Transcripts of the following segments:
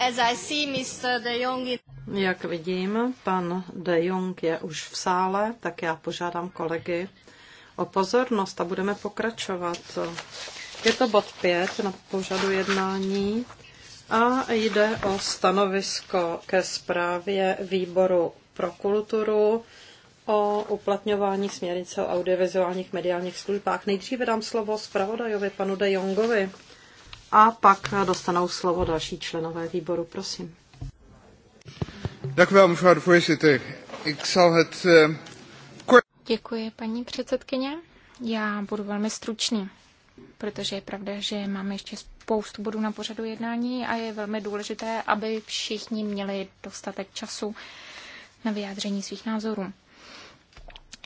As I see Mr. De Jong... Jak vidím, pan De Jong je už v sále, tak já požádám kolegy o pozornost a budeme pokračovat. Je to bod 5 na pořadu jednání a jde o stanovisko ke zprávě výboru pro kulturu o uplatňování směrnice o audiovizuálních mediálních službách. Nejdříve dám slovo zpravodajovi panu De Jongovi a pak dostanou slovo další členové výboru. Prosím. Eh, Děkuji, paní předsedkyně. Já budu velmi stručný, protože je pravda, že máme ještě spoustu bodů na pořadu jednání a je velmi důležité, aby všichni měli dostatek času na vyjádření svých názorů.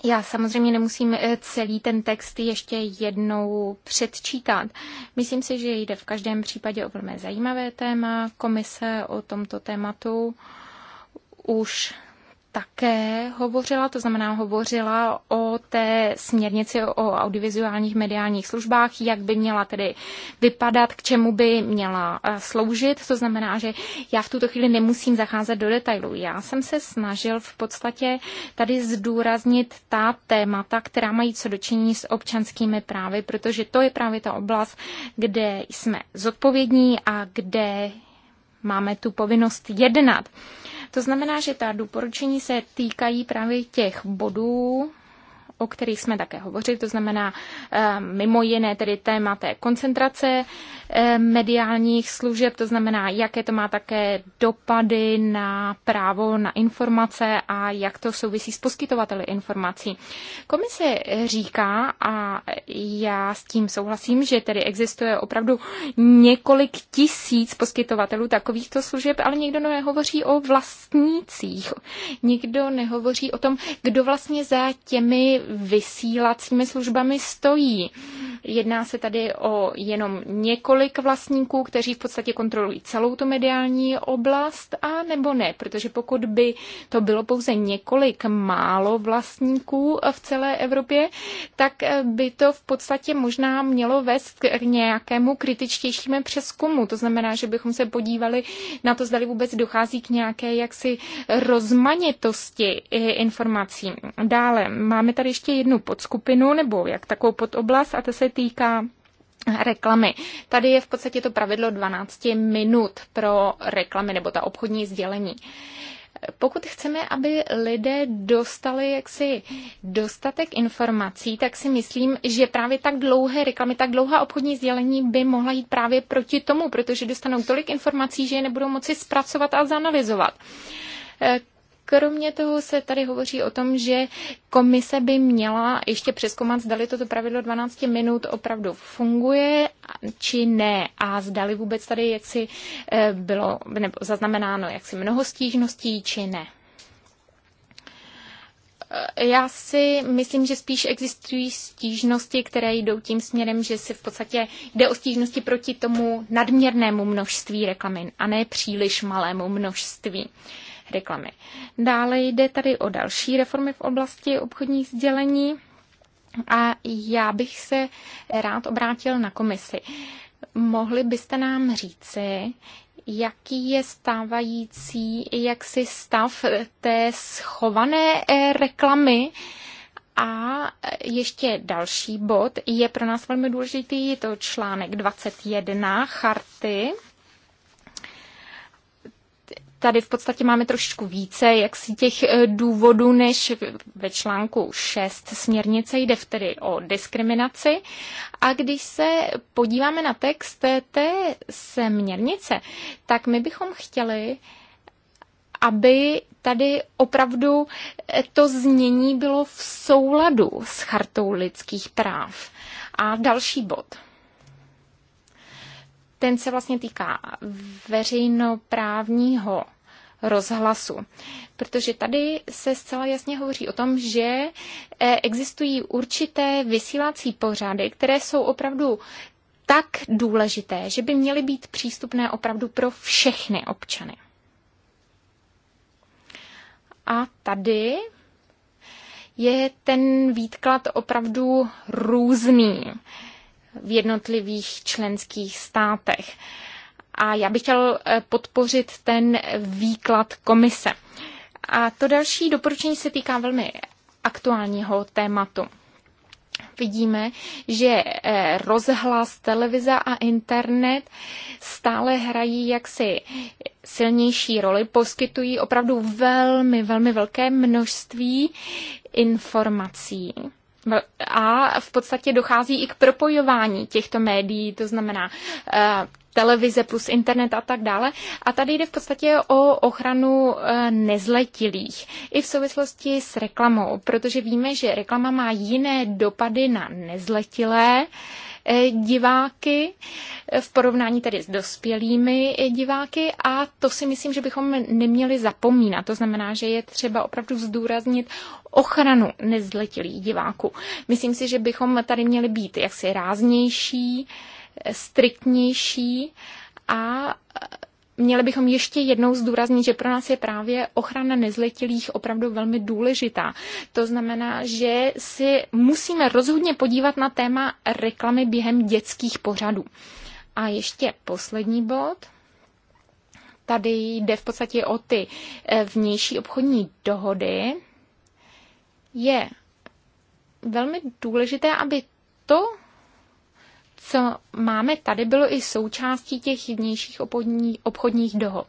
Já samozřejmě nemusím eh, celý ten text ještě jednou předčítat. Myslím si, že jde v každém případě o velmi zajímavé téma. Komise o tomto tématu už také hovořila, to znamená hovořila o té směrnici o audiovizuálních mediálních službách, jak by měla tedy vypadat, k čemu by měla eh, sloužit. To znamená, že já v tuto chvíli nemusím zacházet do detailů. Já jsem se snažil v podstatě tady zdůraznit ta témata, která mají co dočinění s občanskými právy, protože to je právě ta oblast, kde jsme zodpovědní a kde máme tu povinnost jednat. To znamená, že ta doporučení se týkají právě těch bodů, o kterých jsme také hovořili, to znamená eh, mimo jiné tedy téma té koncentrace eh, mediálních služeb, to znamená, jaké to má také dopady na právo na informace a jak to souvisí s poskytovateli informací. Komise říká, a já s tím souhlasím, že tedy existuje opravdu několik tisíc poskytovatelů takovýchto služeb, ale nikdo nehovoří o vlastnících. Nikdo nehovoří o tom, kdo vlastně za těmi vysílacími službami stojí. Jedná se tady o jenom několik vlastníků, kteří v podstatě kontrolují celou tu mediální oblast a nebo ne, protože pokud by to bylo pouze několik málo vlastníků v celé Evropě, tak eh, by to v podstatě možná mělo vést k nějakému kritičtějšímu přeskumu. To znamená, že bychom se podívali na to, zdali vůbec dochází k nějaké jaksi rozmanitosti informací. Dále máme tady ještě ještě jednu podskupinu nebo jak takovou podoblast a to se týká reklamy. Tady je v podstatě to pravidlo 12 minut pro reklamy nebo ta obchodní sdělení pokud chceme, aby lidé dostali jaksi dostatek informací, tak si myslím, že právě tak dlouhé reklamy, tak dlouhá obchodní sdělení by mohla jít právě proti tomu, protože dostanou tolik informací, že je nebudou moci zpracovat a zanalizovat. Kromě toho se tady hovoří o tom, že komise by měla ještě přeskoumat, zdali toto pravidlo 12 minut opravdu funguje či ne a zdali vůbec tady jaksi eh, bylo nebo zaznamenáno jaksi mnoho stížností či ne. Eh, já si myslím, že spíš existují stížnosti, které jdou tím směrem, že se v podstatě jde o stížnosti proti tomu nadměrnému množství reklamin a ne příliš malému množství. Uh, reklamy. Dále jde tady o další reformy v oblasti obchodních sdělení a já bych se rád obrátil na komisi. Mohli byste nám říci, jaký je stávající, jak si stav té schované eh, reklamy, a ještě další bod je pro nás velmi důležitý, je to článek 21 charty tady v podstatě máme trošičku více jak si těch eh, důvodů, než ve článku 6 směrnice jde tedy o diskriminaci. A když se podíváme na text té směrnice, tak my bychom chtěli, aby tady opravdu eh, to znění bylo v souladu s chartou lidských práv. A další bod. Ten se vlastně týká veřejnoprávního rozhlasu. Protože tady se zcela jasně hovoří o tom, že eh, existují určité vysílací pořady, které jsou opravdu tak důležité, že by měly být přístupné opravdu pro všechny občany. A tady je ten výklad opravdu různý v jednotlivých členských státech. A já bych chtěl eh, podpořit ten výklad komise. A to další doporučení se týká velmi aktuálního tématu. Vidíme, že eh, rozhlas, televize a internet stále hrají jaksi silnější roli, poskytují opravdu velmi, velmi velké množství informací a v podstatě dochází i k propojování těchto médií, to znamená eh, televize plus internet a tak dále. A tady jde v podstatě o ochranu eh, nezletilých i v souvislosti s reklamou, protože víme, že reklama má jiné dopady na nezletilé, Eh, diváky eh, v porovnání tedy s dospělými eh, diváky a to si myslím, že bychom neměli zapomínat. To znamená, že je třeba opravdu zdůraznit ochranu nezletilých diváků. Myslím si, že bychom tady měli být jaksi ráznější, striktnější a měli bychom ještě jednou zdůraznit, že pro nás je právě ochrana nezletilých opravdu velmi důležitá. To znamená, že si musíme rozhodně podívat na téma reklamy během dětských pořadů. A ještě poslední bod. Tady jde v podstatě o ty eh, vnější obchodní dohody. Je velmi důležité, aby to, co máme tady, bylo i součástí těch vnějších obchodní, obchodních dohod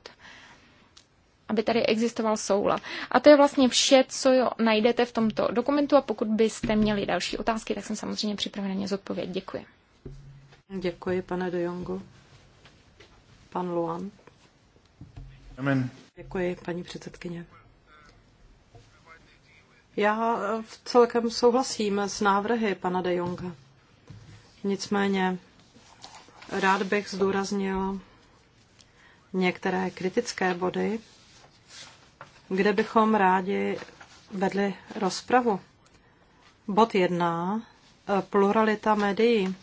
aby tady existoval soula. A to je vlastně vše, co jo, najdete v tomto dokumentu a pokud byste měli další otázky, tak jsem samozřejmě připravena ně zodpovědět. Děkuji. Děkuji, pane de Jongu. Pan Luan. Amen. Děkuji, paní předsedkyně. Já eh, celkem souhlasím s návrhy pana de Jonga. Nicméně rád bych zdůraznil některé kritické body, kde bychom rádi vedli rozpravu. Bod jedna, eh, pluralita médií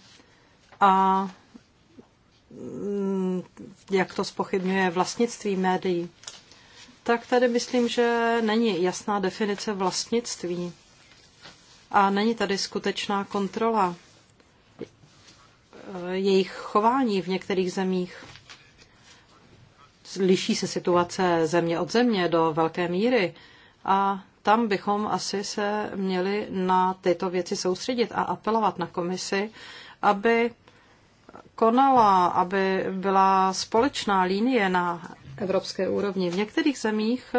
a mm, jak to spochybňuje vlastnictví médií. Tak tady myslím, že není jasná definice vlastnictví a není tady skutečná kontrola Eh, jejich chování v některých zemích. Liší se situace země od země do velké míry a tam bychom asi se měli na tyto věci soustředit a apelovat na komisi, aby konala, aby byla společná linie na evropské úrovni. V některých zemích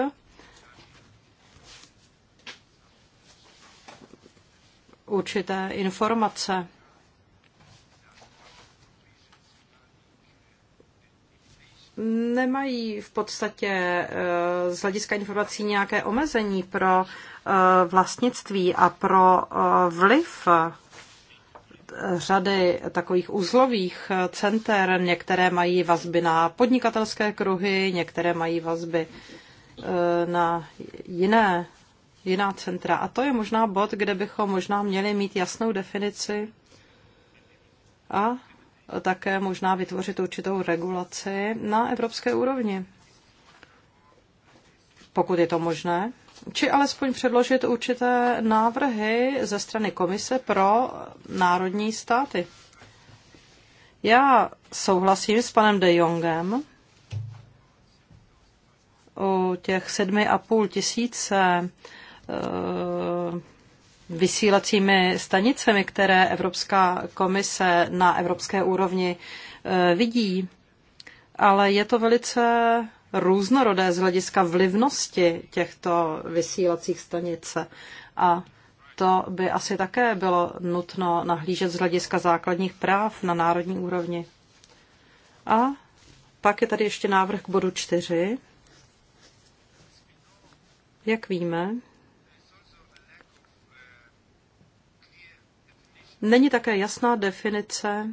určité informace nemají v podstatě eh, z hlediska informací nějaké omezení pro eh, vlastnictví a pro eh, vliv řady takových uzlových center. Některé mají vazby na podnikatelské kruhy, některé mají vazby na jiné, jiná centra. A to je možná bod, kde bychom možná měli mít jasnou definici a také možná vytvořit určitou regulaci na evropské úrovni, pokud je to možné, či alespoň předložit určité návrhy ze strany komise pro národní státy. Já souhlasím s panem de Jongem o těch sedmi a půl tisíce vysílacími stanicemi, které Evropská komise na evropské úrovni e, vidí, ale je to velice různorodé z hlediska vlivnosti těchto vysílacích stanic. A to by asi také bylo nutno nahlížet z hlediska základních práv na národní úrovni. A pak je tady ještě návrh k bodu čtyři. Jak víme, Není také jasná definice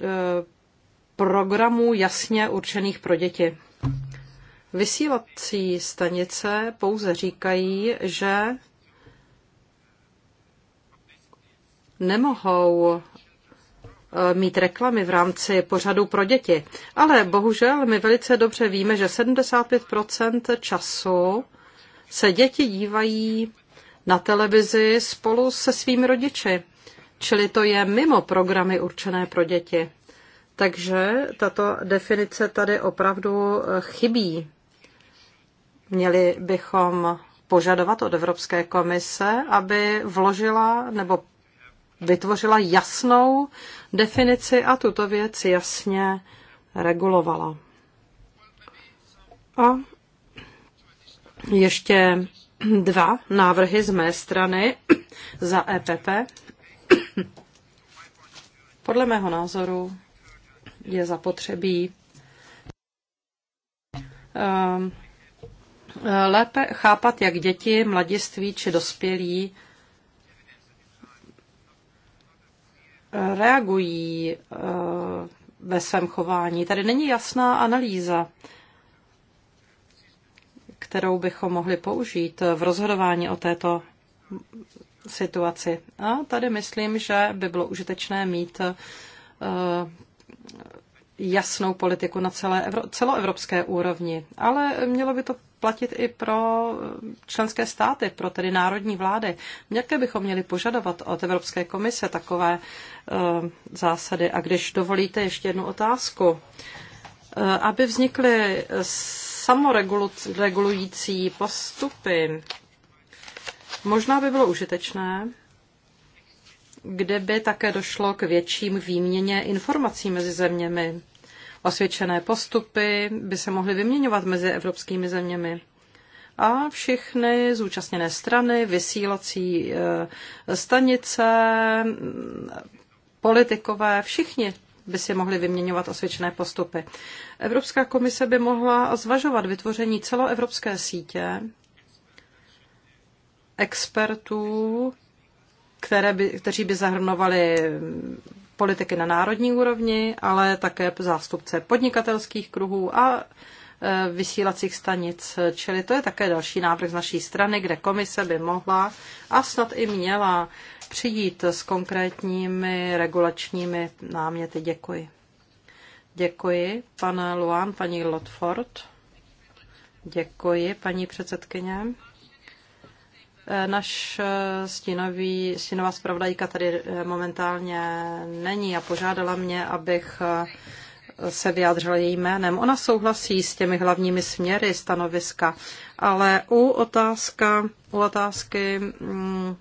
eh, programů jasně určených pro děti. Vysílací stanice pouze říkají, že nemohou eh, mít reklamy v rámci pořadu pro děti. Ale bohužel my velice dobře víme, že 75 času se děti dívají na televizi spolu se svými rodiči. Čili to je mimo programy určené pro děti. Takže tato definice tady opravdu chybí. Měli bychom požadovat od Evropské komise, aby vložila nebo vytvořila jasnou definici a tuto věc jasně regulovala. A ještě dva návrhy z mé strany za EPP. Podle mého názoru je zapotřebí ehm, lépe chápat, jak děti, mladiství či dospělí ehm, reagují ehm, ve svém chování. Tady není jasná analýza kterou bychom mohli použít v rozhodování o této situaci. A tady myslím, že by bylo užitečné mít eh, jasnou politiku na celé evro, celoevropské úrovni, ale mělo by to platit i pro členské státy, pro tedy národní vlády. Jaké bychom měli požadovat od Evropské komise takové uh, zásady? A když dovolíte ještě jednu otázku, uh, aby vznikly samoregulující postupy možná by bylo užitečné, kde by také došlo k větším výměně informací mezi zeměmi. Osvědčené postupy by se mohly vyměňovat mezi evropskými zeměmi. A všechny zúčastněné strany, vysílací eh, stanice, politikové, všichni by si mohli vyměňovat osvědčené postupy. Evropská komise by mohla zvažovat vytvoření celoevropské sítě expertů, které by, kteří by zahrnovali politiky na národní úrovni, ale také zástupce podnikatelských kruhů a Eh, vysílacích stanic. Čili to je také další návrh z naší strany, kde komise by mohla a snad i měla přijít s konkrétními regulačními náměty. Děkuji. Děkuji, pan Luan, paní Lotford. Děkuji, paní předsedkyně. Eh, naš eh, stínový, stínová zpravodajka tady momentálně není a požádala mě, abych se vyjádřila jejím jménem. Ona souhlasí s těmi hlavními směry stanoviska, ale u, otázka, u otázky mm,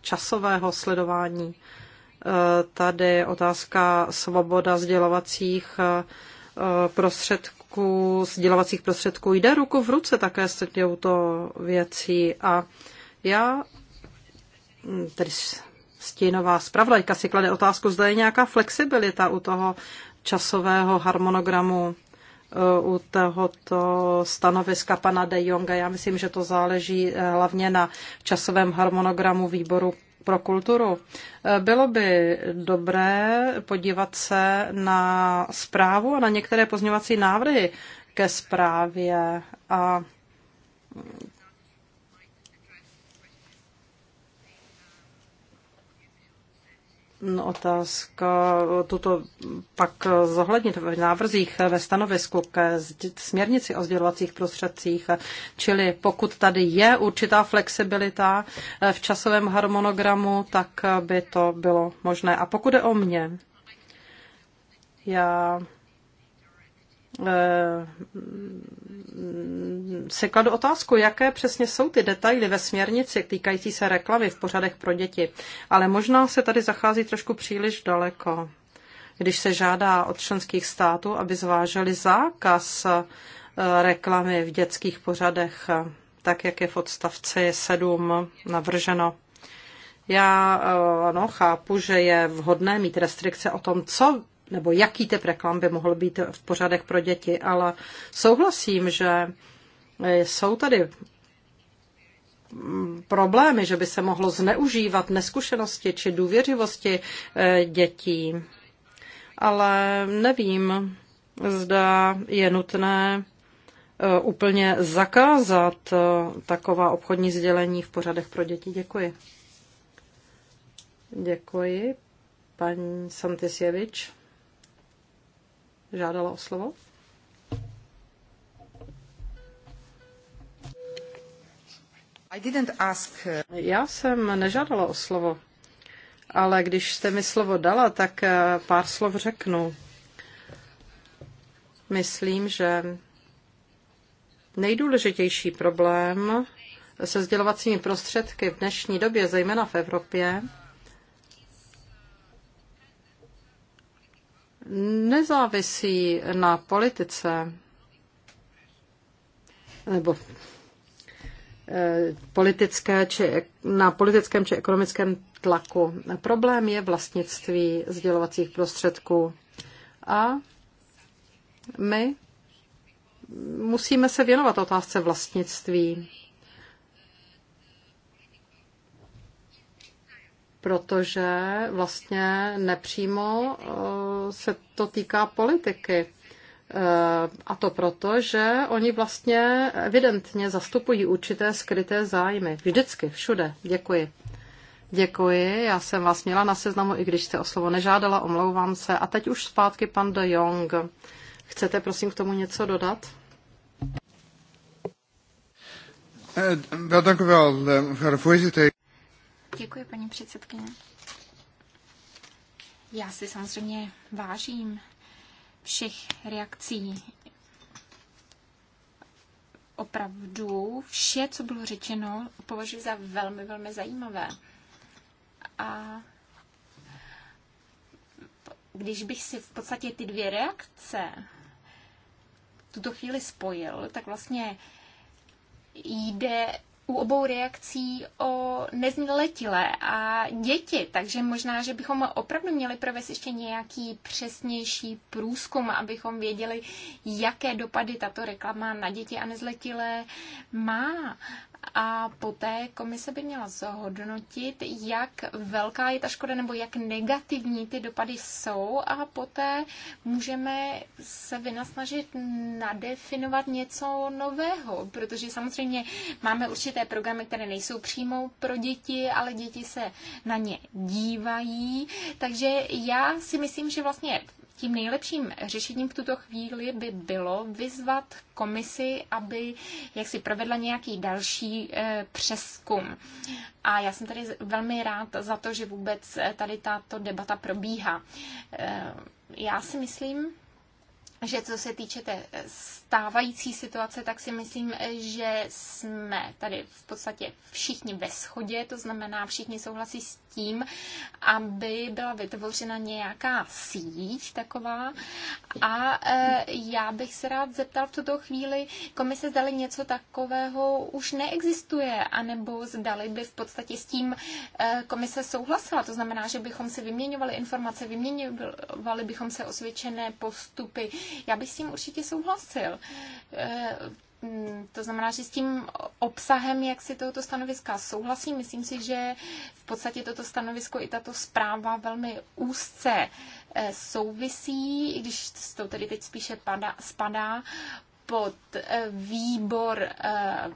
časového sledování eh, tady otázka svoboda sdělovacích eh, prostředků, sdělovacích prostředků jde ruku v ruce také s těmto věcí a já mm, tedy stínová zpravodajka si klade otázku, zda je nějaká flexibilita u toho časového harmonogramu eh, u tohoto stanoviska pana De Jonga. Já myslím, že to záleží eh, hlavně na časovém harmonogramu výboru pro kulturu. Eh, bylo by dobré podívat se na zprávu a na některé pozměňovací návrhy ke zprávě a otázka tuto pak zohlednit v návrzích ve stanovisku ke směrnici o sdělovacích prostředcích. Čili pokud tady je určitá flexibilita eh, v časovém harmonogramu, tak by to bylo možné. A pokud je o mě, já Eh, si kladu otázku, jaké přesně jsou ty detaily ve směrnici týkající se reklamy v pořadech pro děti. Ale možná se tady zachází trošku příliš daleko, když se žádá od členských států, aby zváželi zákaz eh, reklamy v dětských pořadech, tak jak je v odstavci 7 navrženo. Já no, chápu, že je vhodné mít restrikce o tom, co nebo jaký typ reklam by mohl být v pořadech pro děti, ale souhlasím, že jsou tady mm, problémy, že by se mohlo zneužívat neskušenosti či důvěřivosti eh, dětí. Ale nevím, zda je nutné eh, úplně zakázat eh, taková obchodní sdělení v pořadech pro děti. Děkuji. Děkuji. Paní Santisjevič žádala o slovo. I didn't ask. Já jsem nežádala o slovo, ale když jste mi slovo dala, tak eh, pár slov řeknu. Myslím, že nejdůležitější problém se sdělovacími prostředky v dnešní době, zejména v Evropě, nezávisí na politice nebo eh, politické či, na politickém či ekonomickém tlaku. Problém je vlastnictví sdělovacích prostředků. A my musíme se věnovat otázce vlastnictví. protože vlastně nepřímo eh, se to týká politiky. Eh, a to proto, že oni vlastně evidentně zastupují určité skryté zájmy. Vždycky, všude. Děkuji. Děkuji, já jsem vás měla na seznamu, i když jste o slovo nežádala, omlouvám se. A teď už zpátky pan de Jong. Chcete prosím k tomu něco dodat? Eh, dank u wel, mevrouw de voorzitter. Děkuji, paní předsedkyně. Já si samozřejmě vážím všech reakcí. Opravdu vše, co bylo řečeno, považuji za velmi, velmi zajímavé. A když bych si v podstatě ty dvě reakce tuto chvíli spojil, tak vlastně jde u obou reakcí o nezletilé a děti, takže možná, že bychom opravdu měli provést ještě nějaký přesnější průzkum, abychom věděli, jaké dopady tato reklama na děti a nezletilé má a poté komise by měla zhodnotit, jak velká je ta škoda nebo jak negativní ty dopady jsou a poté můžeme se vynasnažit nadefinovat něco nového, protože samozřejmě máme určité programy, které nejsou přímo pro děti, ale děti se na ně dívají, takže já si myslím, že vlastně tím nejlepším řešením v tuto chvíli by bylo vyzvat komisi, aby jaksi provedla nějaký další eh, přeskum. A já jsem tady velmi rád za to, že vůbec eh, tady tato debata probíhá. Eh, já si myslím, že co se týče té stávající situace, tak si myslím, že jsme tady v podstatě všichni ve shodě, to znamená všichni souhlasí s tím, aby byla vytvořena nějaká síť taková. A e, já bych se rád zeptal v tuto chvíli komise, zdali něco takového už neexistuje, anebo zdali by v podstatě s tím e, komise souhlasila. To znamená, že bychom si vyměňovali informace, vyměňovali bychom se osvědčené postupy, já bych s tím určitě souhlasil. Eh, mm, to znamená, že s tím obsahem, jak si tohoto stanoviska souhlasím, myslím si, že v podstatě toto stanovisko i tato zpráva velmi úzce eh, souvisí, i když to tedy teď spíše spadá pod eh, výbor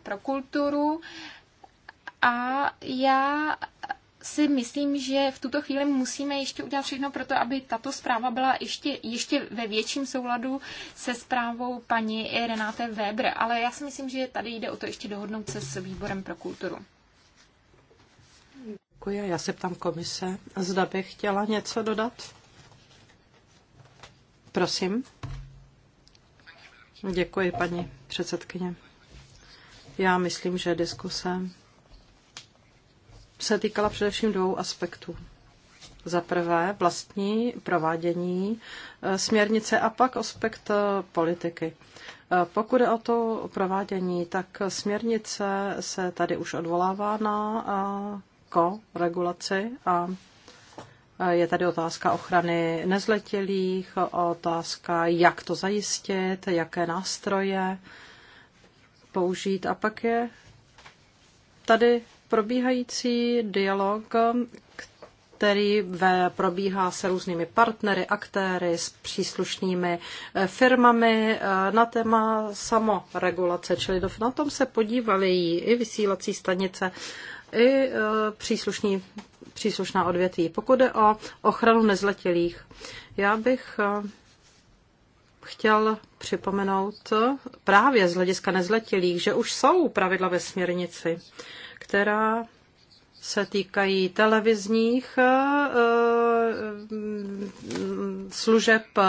pro kulturu. A já si myslím, že v tuto chvíli musíme ještě udělat všechno pro to, aby tato zpráva byla ještě, ještě ve větším souladu se zprávou paní Renáte Weber. Ale já si myslím, že tady jde o to ještě dohodnout se s výborem pro kulturu. Děkuji. Já se ptám komise, zda bych chtěla něco dodat. Prosím. Děkuji, paní předsedkyně. Já myslím, že diskuse se týkala především dvou aspektů. Za prvé vlastní provádění e, směrnice a pak aspekt e, politiky. E, pokud je o to provádění, tak směrnice se tady už odvolává na ko-regulaci a je tady otázka ochrany nezletilých, otázka, jak to zajistit, jaké nástroje použít. A pak je tady probíhající dialog, který probíhá se různými partnery, aktéry, s příslušnými eh, firmami eh, na téma samoregulace. Čili na tom se podívali i vysílací stanice, i eh, příslušní, příslušná odvětví. Pokud je o ochranu nezletilých, já bych chtěl připomenout právě z hlediska nezletilých, že už jsou pravidla ve směrnici která se týkají televizních eh, eh, služeb eh,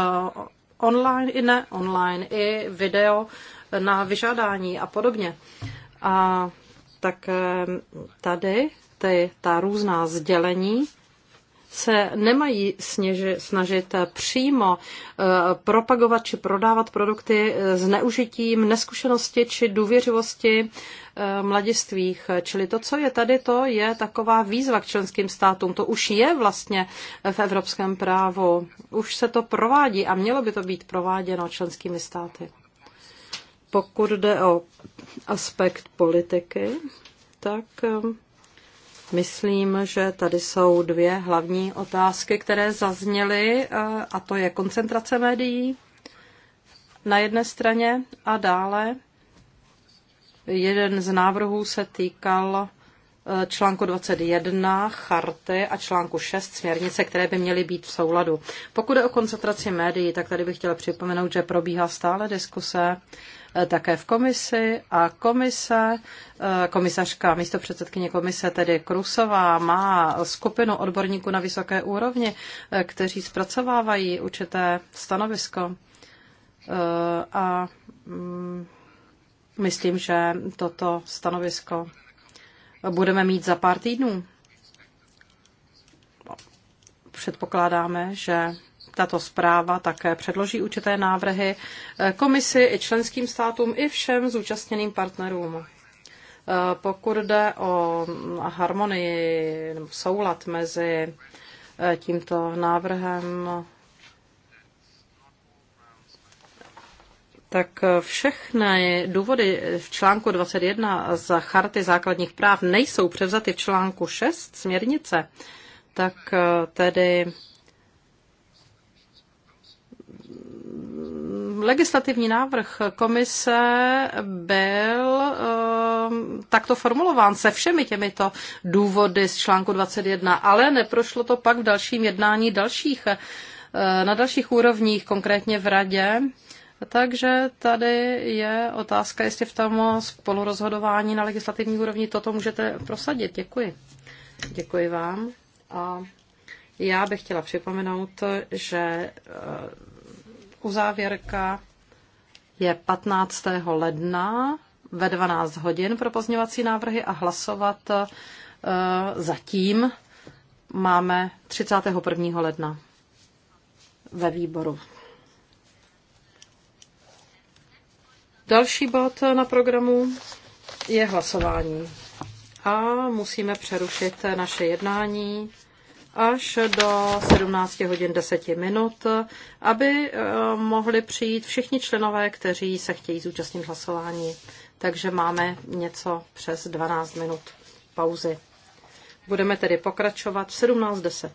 online i ne online, i video na vyžádání a podobně. A tak tady ty, ta různá sdělení se nemají sněži, snažit přímo eh, propagovat či prodávat produkty s eh, neužitím neskušenosti či důvěřivosti eh, mladistvých. Čili to, co je tady, to je taková výzva k členským státům. To už je vlastně v evropském právu. Už se to provádí a mělo by to být prováděno členskými státy. Pokud jde o aspekt politiky, tak Myslím, že tady jsou dvě hlavní otázky, které zazněly, eh, a to je koncentrace médií na jedné straně a dále jeden z návrhů se týkal eh, článku 21 charty a článku 6 směrnice, které by měly být v souladu. Pokud je o koncentraci médií, tak tady bych chtěla připomenout, že probíhá stále diskuse Eh, také v komisi a komise, eh, komisařka, místo předsedkyně komise, tedy Krusová, má skupinu odborníků na vysoké úrovni, eh, kteří zpracovávají určité stanovisko. A mm, myslím, že toto stanovisko budeme mít za pár týdnů. Předpokládáme, že tato zpráva také předloží určité návrhy eh, komisi i členským státům i všem zúčastněným partnerům. Eh, pokud jde o mm, harmonii nebo soulad mezi eh, tímto návrhem, tak všechny důvody v článku 21 z Charty základních práv nejsou převzaty v článku 6 směrnice, tak tedy legislativní návrh komise byl ehm, takto formulován se všemi těmito důvody z článku 21, ale neprošlo to pak v dalším jednání dalších, eh, na dalších úrovních, konkrétně v radě. Takže tady je otázka, jestli v tom spolurozhodování na legislativní úrovni toto můžete prosadit. Děkuji. Děkuji vám. A já bych chtěla připomenout, že eh, uzávěrka je 15. ledna ve 12 hodin pro pozměvací návrhy a hlasovat e, zatím máme 31. ledna ve výboru. Další bod na programu je hlasování. A musíme přerušit naše jednání až do 17 hodin 10 minut, aby eh, mohli přijít všichni členové, kteří se chtějí zúčastnit hlasování. Takže máme něco přes 12 minut pauzy. Budeme tedy pokračovat v 17.10.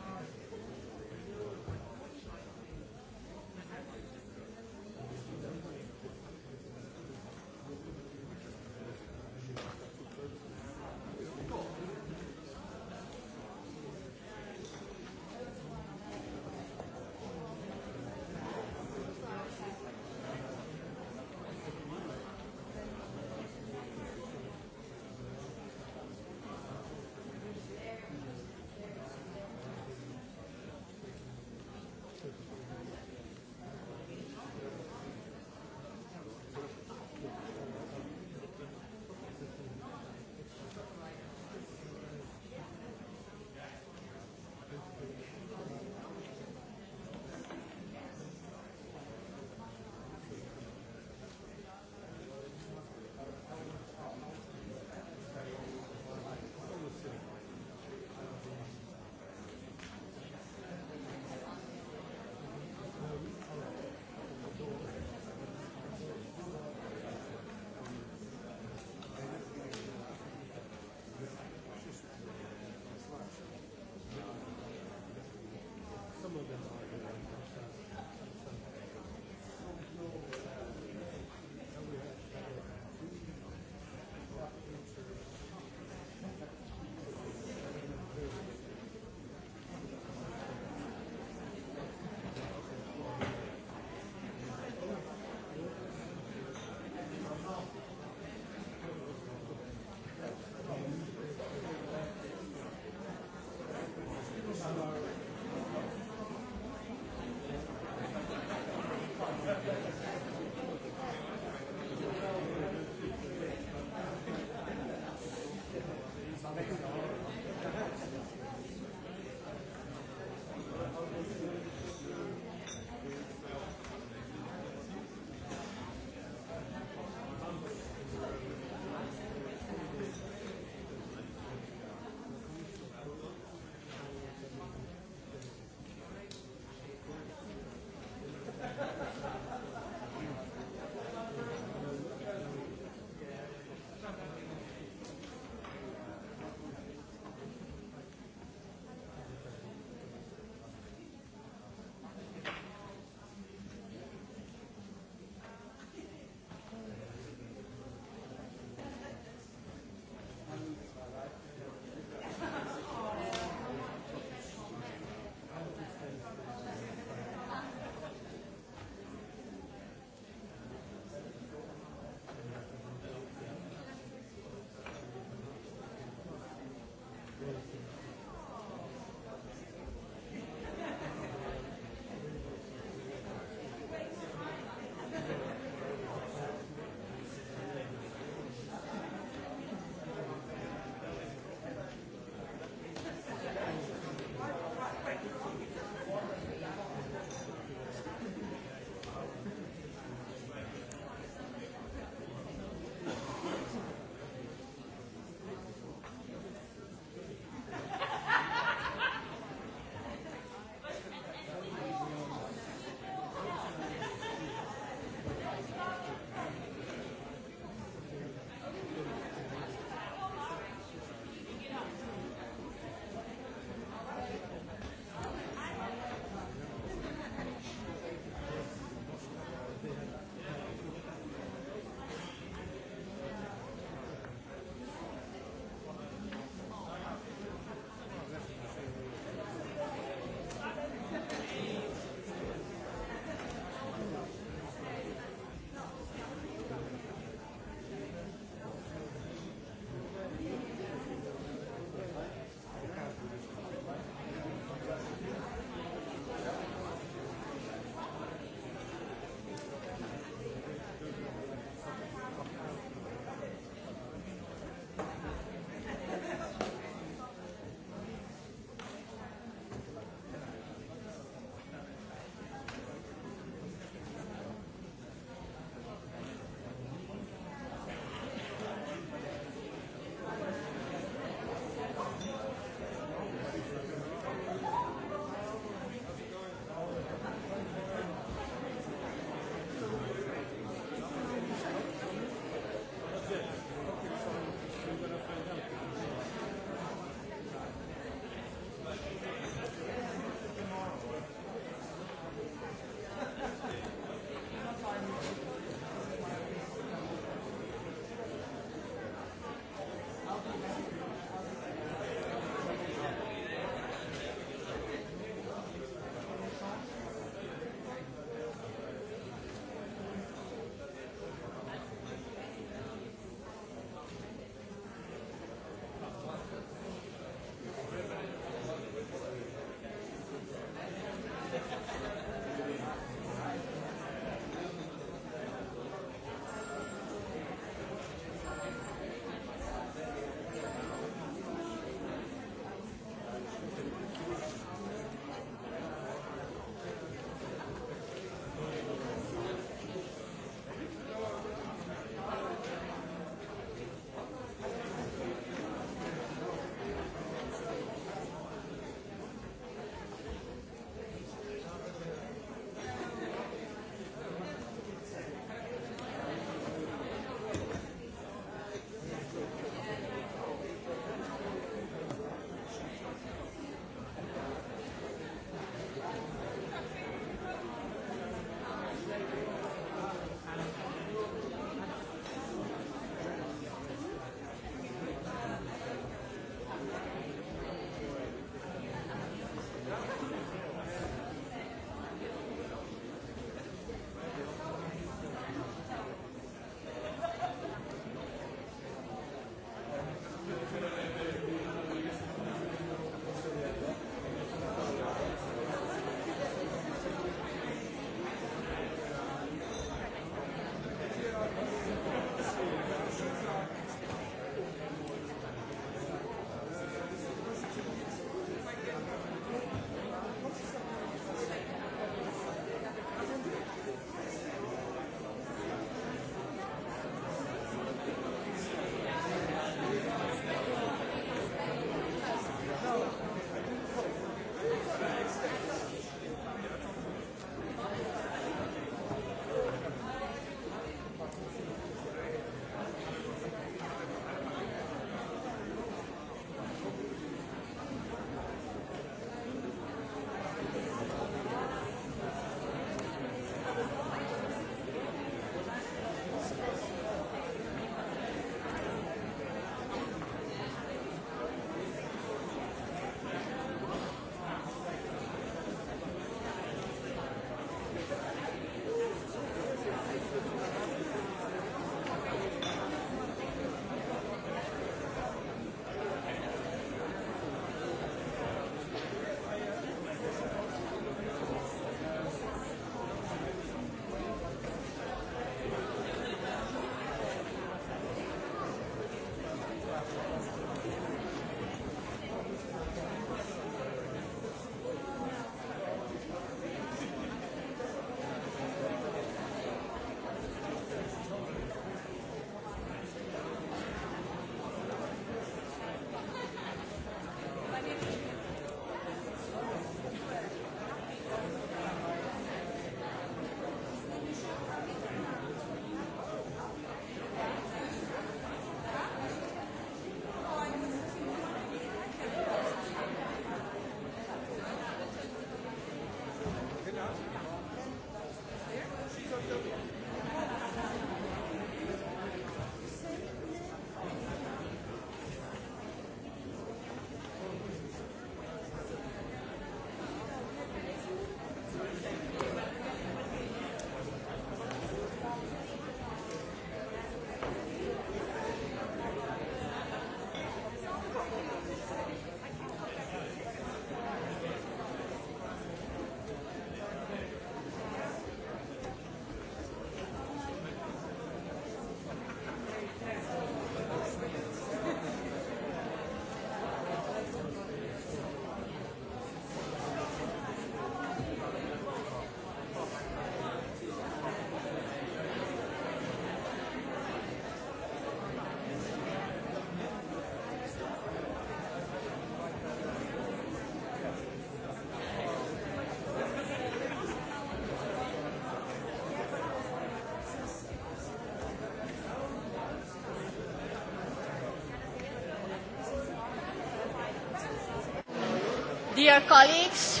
Dear colleagues,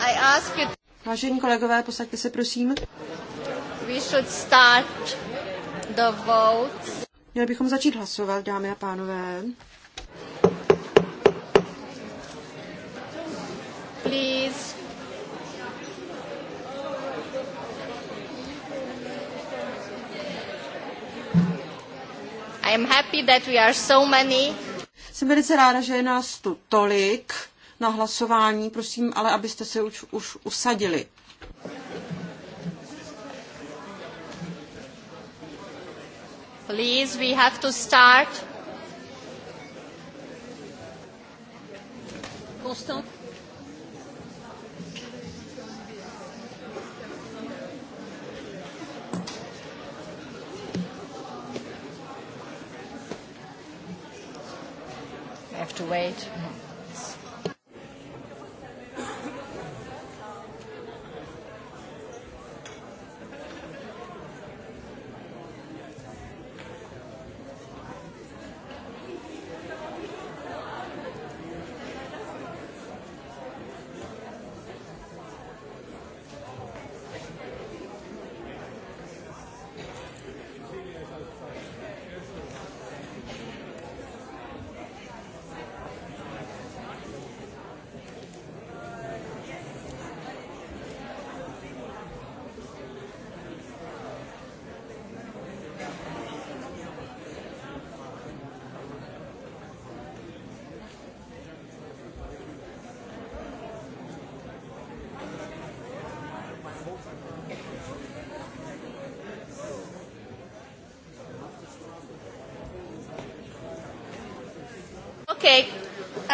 I ask you... Vážení kolegové, posaďte se prosím. We should start the votes. Měli bychom začít hlasovat, dámy a pánové. Please. I am happy that we are so many. Jsem velice ráda, že je nás tu tolik na hlasování. Prosím, ale abyste se už, už usadili. Please, we have to start. Constant. have to wait.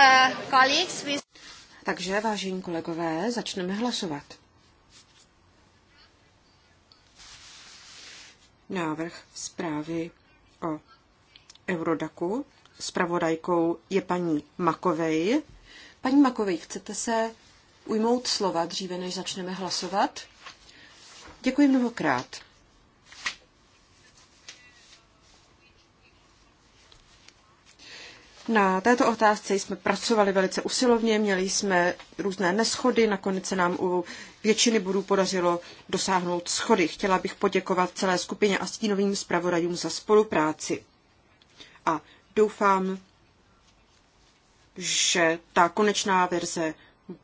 Uh, colleagues, Takže, vážení kolegové, začneme hlasovat. Návrh zprávy o Eurodaku. Spravodajkou je paní Makovej. Paní Makovej, chcete se ujmout slova dříve, než začneme hlasovat? Děkuji mnohokrát. Na této otázce jsme pracovali velice usilovně, měli jsme různé neschody, nakonec se nám u většiny bodů podařilo dosáhnout schody. Chtěla bych poděkovat celé skupině a stínovým zpravodajům za spolupráci. A doufám, že ta konečná verze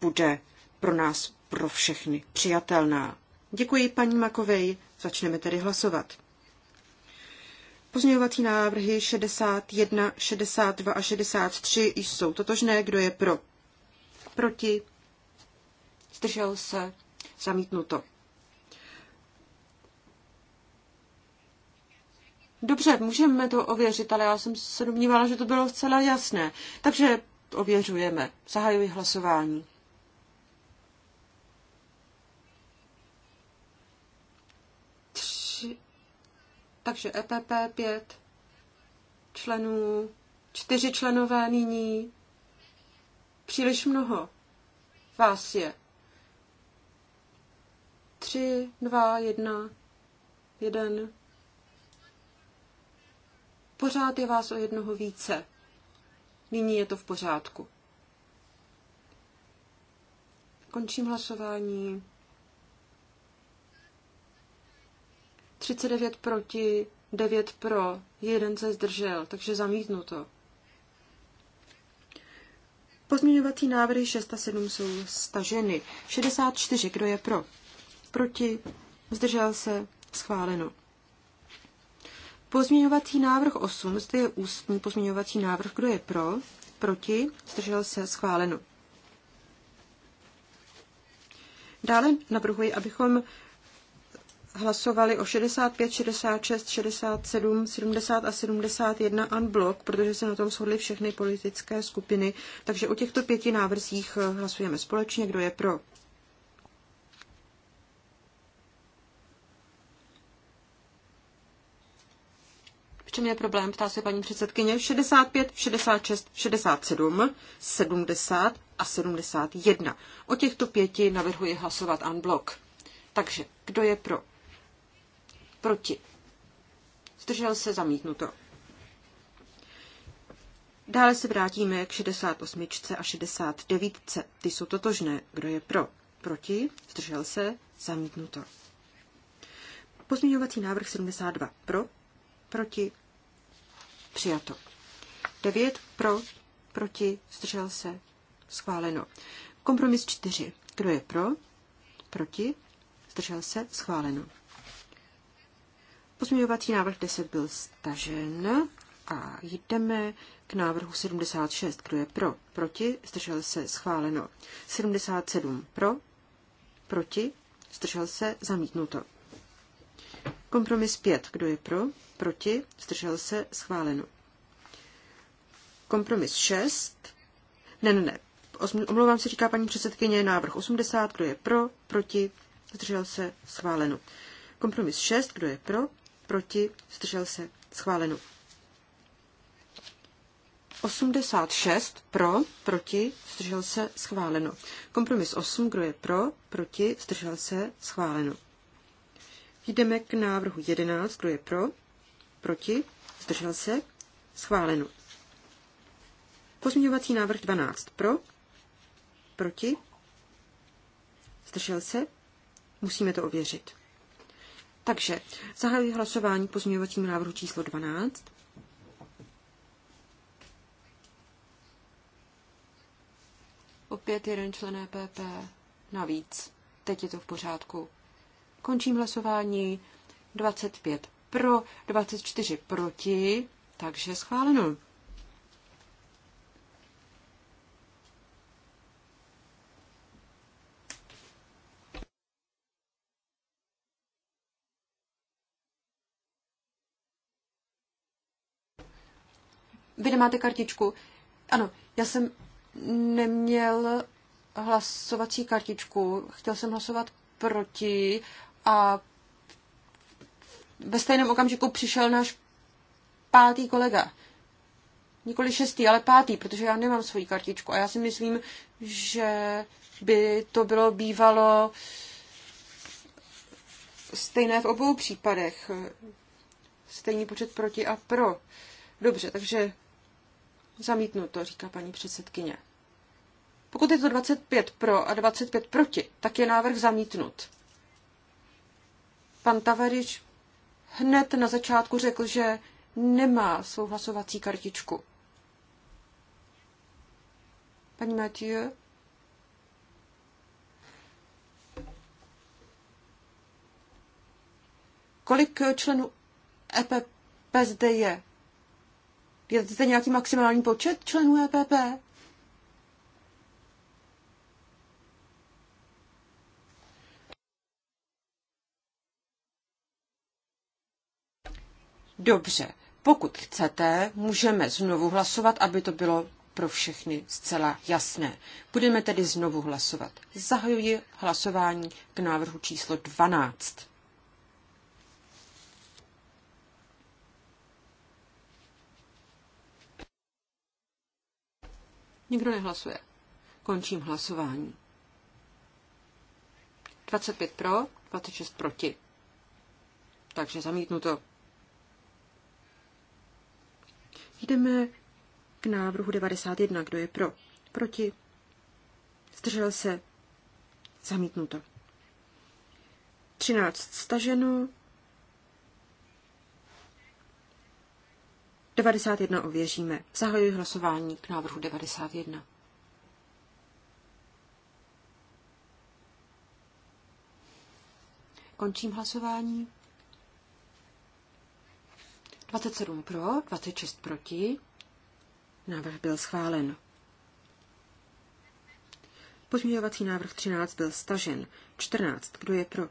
bude pro nás, pro všechny přijatelná. Děkuji paní Makovej, začneme tedy hlasovat. Pozměňovací návrhy 61, 62 a 63 jsou totožné. Kdo je pro? Proti? Zdržel se? Zamítnuto. Dobře, můžeme to ověřit, ale já jsem se domnívala, že to bylo zcela jasné. Takže ověřujeme. Zahajuji hlasování. Takže EPP 5 členů, čtyři členové nyní. Příliš mnoho vás je. Tři, dva, jedna, jeden. Pořád je vás o jednoho více. Nyní je to v pořádku. Končím hlasování. 39 proti, 9 pro, jeden se zdržel, takže zamítnu to. Pozměňovací návrhy 6 a 7 jsou staženy. 64, kdo je pro? Proti, zdržel se, schváleno. Pozměňovací návrh 8, zde je ústní pozměňovací návrh, kdo je pro, proti, zdržel se, schváleno. Dále navrhuji, abychom hlasovali o 65, 66, 67, 70 a 71 unblock, protože se na tom shodly všechny politické skupiny. Takže o těchto pěti návrzích eh, hlasujeme společně. Kdo je pro? V čem je problém? Ptá se paní předsedkyně. 65, 66, 67, 70 a 71. O těchto pěti navrhuji hlasovat unblock. Takže kdo je pro? Proti. Zdržel se zamítnuto. Dále se vrátíme k 68 a 69. Ty jsou totožné. Kdo je pro? Proti? Zdržel se? Zamítnuto. Pozměňovací návrh 72. Pro? Proti? Přijato. 9. Pro? Proti? Zdržel se? Schváleno. Kompromis 4. Kdo je pro? Proti? Zdržel se? Schváleno. Pozměňovací návrh 10 byl stažen a jdeme k návrhu 76. Kdo je pro? Proti? Zdržel se? Schváleno. 77. Pro? Proti? Zdržel se? Zamítnuto. Kompromis 5. Kdo je pro? Proti? Zdržel se? Schváleno. Kompromis 6. Ne, ne, ne. Omlouvám se, říká paní předsedkyně, návrh 80. Kdo je pro? Proti? Zdržel se? Schváleno. Kompromis 6. Kdo je pro? proti, zdržel se, schváleno. 86 pro, proti, zdržel se, schváleno. Kompromis 8, kdo je pro, proti, zdržel se, schváleno. Jdeme k návrhu 11, kdo je pro, proti, zdržel se, schváleno. Pozměňovací návrh 12 pro, proti, zdržel se, musíme to ověřit. Takže zahajuji hlasování pozměňovacím návrhu číslo 12. Opět jeden člen EPP navíc. Teď je to v pořádku. Končím hlasování. 25 pro, 24 proti, takže schváleno. Vy nemáte kartičku. Ano, já jsem neměl hlasovací kartičku, chtěl jsem hlasovat proti a ve stejném okamžiku přišel náš pátý kolega. Nikoli šestý, ale pátý, protože já nemám svoji kartičku a já si myslím, že by to bylo bývalo stejné v obou případech. Stejný počet proti a pro. Dobře, takže Zamítnuto, říká paní předsedkyně. Pokud je to 25 pro a 25 proti, tak je návrh zamítnut. Pan Tavarič hned na začátku řekl, že nemá svou hlasovací kartičku. Paní Mathieu? Kolik členů EPP zde je? Je zde nějaký maximální počet členů EPP? Dobře, pokud chcete, můžeme znovu hlasovat, aby to bylo pro všechny zcela jasné. Budeme tedy znovu hlasovat. Zahajuji hlasování k návrhu číslo 12. Nikdo nehlasuje. Končím hlasování. 25 pro, 26 proti. Takže zamítnu to. Jdeme k návrhu 91. Kdo je pro? Proti? Zdržel se? Zamítnuto. 13 staženo, 91 ověříme. Zahajuji hlasování k návrhu 91. Končím hlasování. 27 pro, 26 proti. Návrh byl schválen. Pozměňovací návrh 13 byl stažen. 14. Kdo je pro?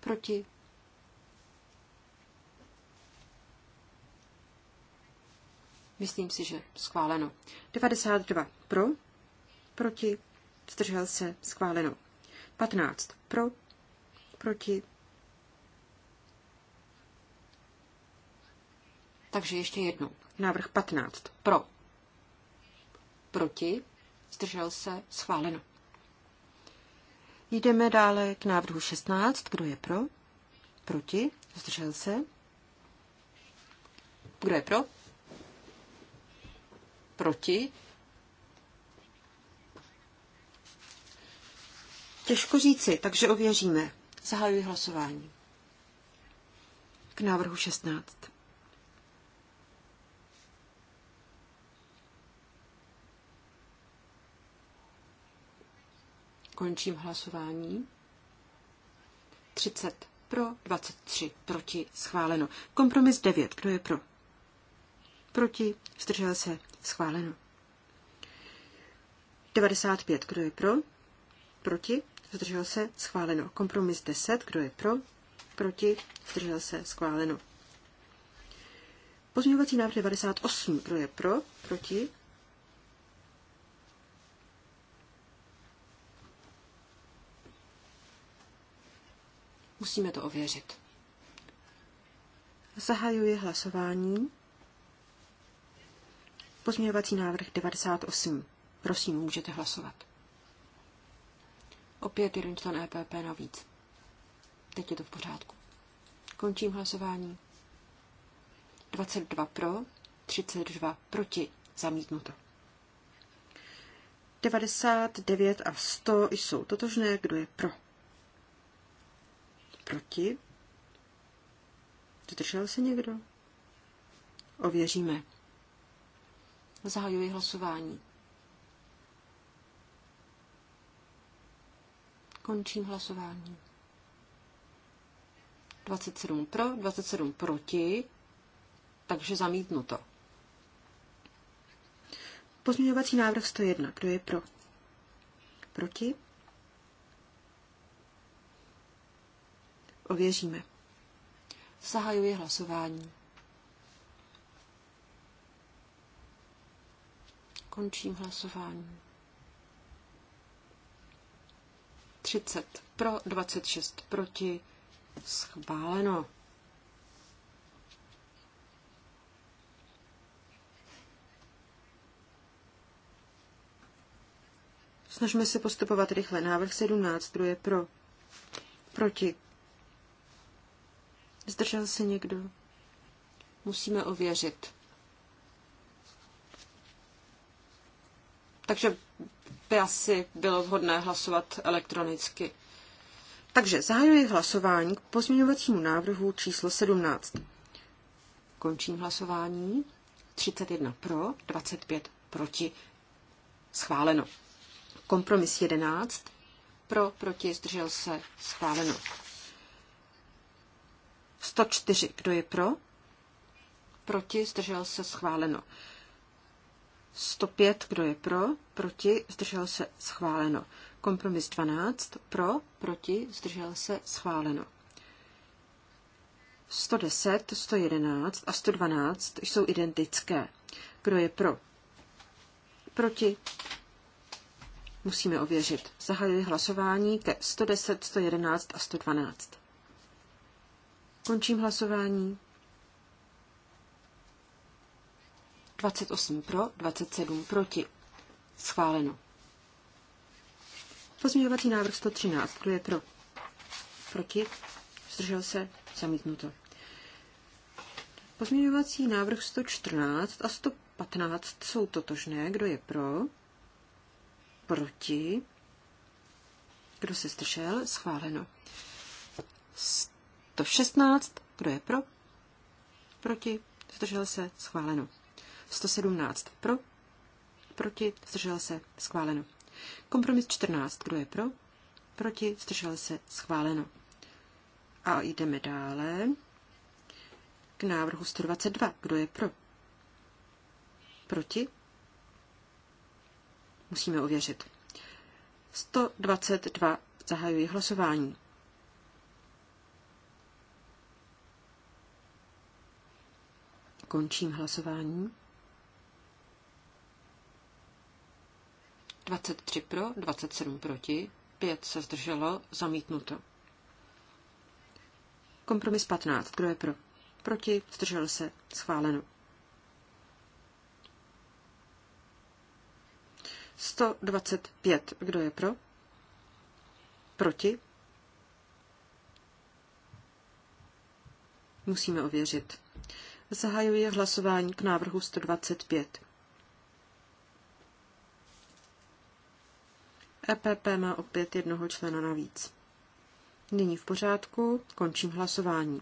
Proti. Myslím si, že schváleno. 92 pro, proti, zdržel se, schváleno. 15 pro, proti. Takže ještě jednou. Návrh 15 pro, proti, zdržel se, schváleno. Jdeme dále k návrhu 16. Kdo je pro? Proti? Zdržel se? Kdo je pro? proti. Těžko říci, takže ověříme. Zahajuji hlasování. K návrhu 16. Končím hlasování. 30 pro, 23 proti, schváleno. Kompromis 9. Kdo je pro? proti, zdržel se, schváleno. 95, kdo je pro, proti, zdržel se, schváleno. Kompromis 10, kdo je pro, proti, zdržel se, schváleno. Pozměňovací návrh 98, kdo je pro, proti, Musíme to ověřit. Zahajuji hlasování. Pozměňovací návrh 98. Prosím, můžete hlasovat. Opět jeden člen EPP navíc. Teď je to v pořádku. Končím hlasování. 22 pro, 32 proti, zamítnuto. 99 a 100 jsou totožné, kdo je pro. Proti. Zdržel se někdo? Ověříme. Zahajuji hlasování. Končím hlasování. 27 pro, 27 proti, takže zamítnuto. Pozměňovací návrh 101. Kdo je pro? Proti? Ověříme. Zahajuji hlasování. Končím hlasování. 30 pro, 26 proti. Schváleno. Snažme se postupovat rychle. Návrh 17, kdo je pro? Proti. Zdržel se někdo? Musíme ověřit. takže by asi bylo vhodné hlasovat elektronicky. Takže zahajuji hlasování k pozměňovacímu návrhu číslo 17. Končím hlasování. 31 pro, 25 proti. Schváleno. Kompromis 11. Pro, proti, zdržel se. Schváleno. 104. Kdo je pro? Proti, zdržel se. Schváleno. 105, kdo je pro, proti, zdržel se, schváleno. Kompromis 12, pro, proti, zdržel se, schváleno. 110, 111 a 112 jsou identické. Kdo je pro? Proti? Musíme ověřit. Zahajuji hlasování ke 110, 111 a 112. Končím hlasování. 28 pro, 27 proti. Schváleno. Pozměňovací návrh 113. Kdo je pro? Proti? Zdržel se? Zamítnuto. Pozměňovací návrh 114 a 115 jsou totožné. Kdo je pro? Proti? Kdo se zdržel? Schváleno. 116. Kdo je pro? Proti? Zdržel se? Schváleno. 117 pro, proti, zdržel se, schváleno. Kompromis 14, kdo je pro, proti, zdržel se, schváleno. A jdeme dále k návrhu 122, kdo je pro, proti, musíme ověřit. 122 zahajuji hlasování. Končím hlasování. 23 pro, 27 proti, 5 se zdrželo, zamítnuto. Kompromis 15. Kdo je pro? Proti, zdržel se, schváleno. 125. Kdo je pro? Proti? Musíme ověřit. Zahajuji hlasování k návrhu 125. EPP má opět jednoho člena navíc. Nyní v pořádku, končím hlasování.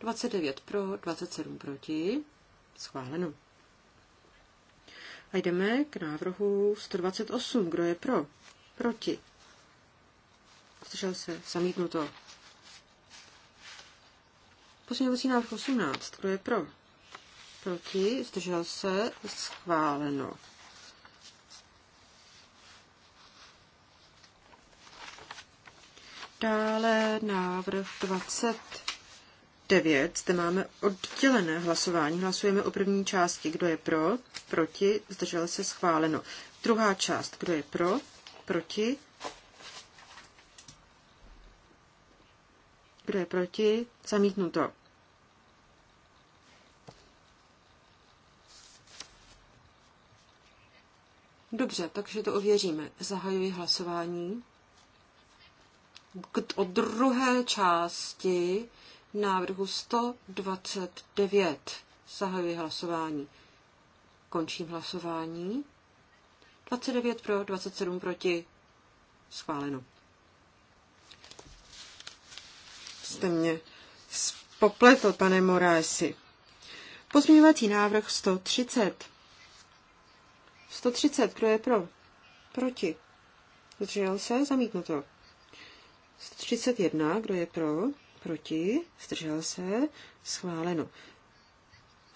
29 pro, 27 proti, schváleno. A jdeme k návrhu 128. Kdo je pro? Proti. Zdržel se, zamítnuto. Pozměňovací návrh 18. Kdo je pro? Proti, zdržel se, schváleno. Dále návrh 29. Zde máme oddělené hlasování. Hlasujeme o první části. Kdo je pro? Proti? Zdržel se schváleno. Druhá část. Kdo je pro? Proti? Kdo je proti? Zamítnuto. Dobře, takže to ověříme. Zahajuji hlasování od druhé části návrhu 129. Zahajuji hlasování. Končím hlasování. 29 pro, 27 proti. Schváleno. Jste mě popletl, pane Moraesi. Pozměňovací návrh 130. 130, kdo je pro? Proti. Zdržel se? Zamítnuto. 31, kdo je pro, proti, zdržel se, schváleno.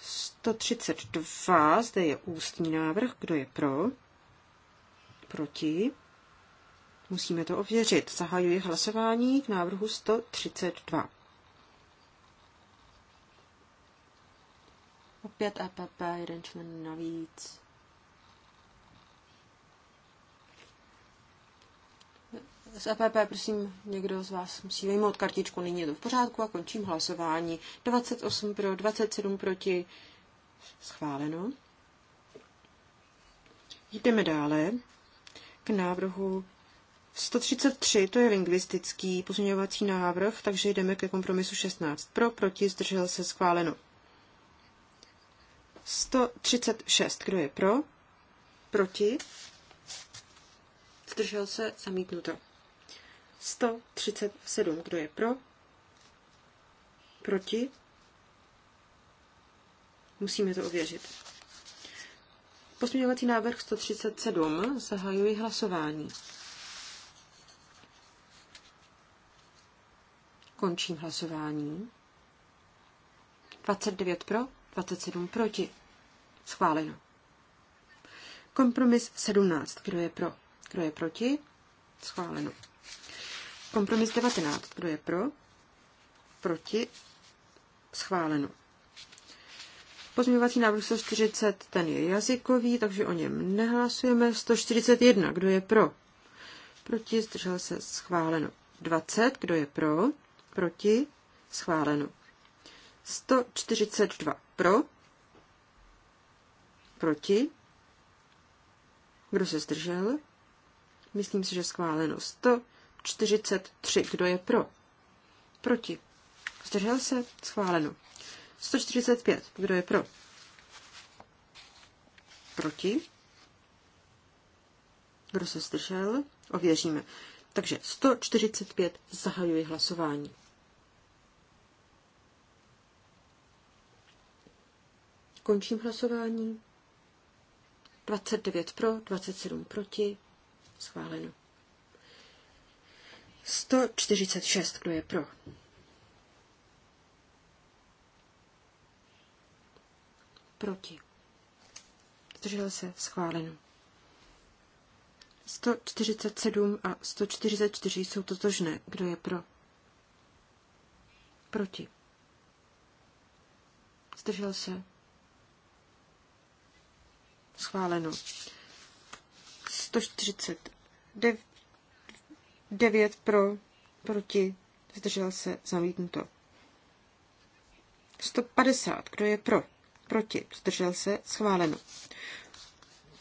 132, zde je ústní návrh, kdo je pro, proti, musíme to ověřit. Zahajuji hlasování k návrhu 132. Opět EPP, jeden člen navíc. Z EPP, prosím, někdo z vás musí vyjmout kartičku, nyní je to v pořádku a končím hlasování. 28 pro, 27 proti, schváleno. Jdeme dále k návrhu 133, to je lingvistický pozměňovací návrh, takže jdeme ke kompromisu 16. Pro, proti, zdržel se, schváleno. 136, kdo je pro? Proti? Zdržel se, zamítnuto. 137. Kdo je pro? Proti? Musíme to ověřit. Posměňovací návrh 137. Zahajuji hlasování. Končím hlasování. 29 pro, 27 proti. Schváleno. Kompromis 17. Kdo je pro? Kdo je proti? Schváleno. Kompromis 19. Kdo je pro? Proti? Schváleno. Pozměňovací návrh 140, ten je jazykový, takže o něm nehlasujeme. 141, kdo je pro? Proti, zdržel se, schváleno. 20, kdo je pro? Proti, schváleno. 142, pro? Proti? Kdo se zdržel? Myslím si, že schváleno. 142. 143. Kdo je pro? Proti. Zdržel se? Schváleno. 145. Kdo je pro? Proti. Kdo se zdržel? Ověříme. Takže 145 zahajuji hlasování. Končím hlasování. 29 pro, 27 proti. Schváleno. 146. Kdo je pro? Proti. Zdržel se schváleno. 147 a 144 jsou totožné. Kdo je pro? Proti. Zdržel se. Schváleno. 149 9 pro, proti, zdržel se, zamítnuto. 150, kdo je pro, proti, zdržel se, schváleno.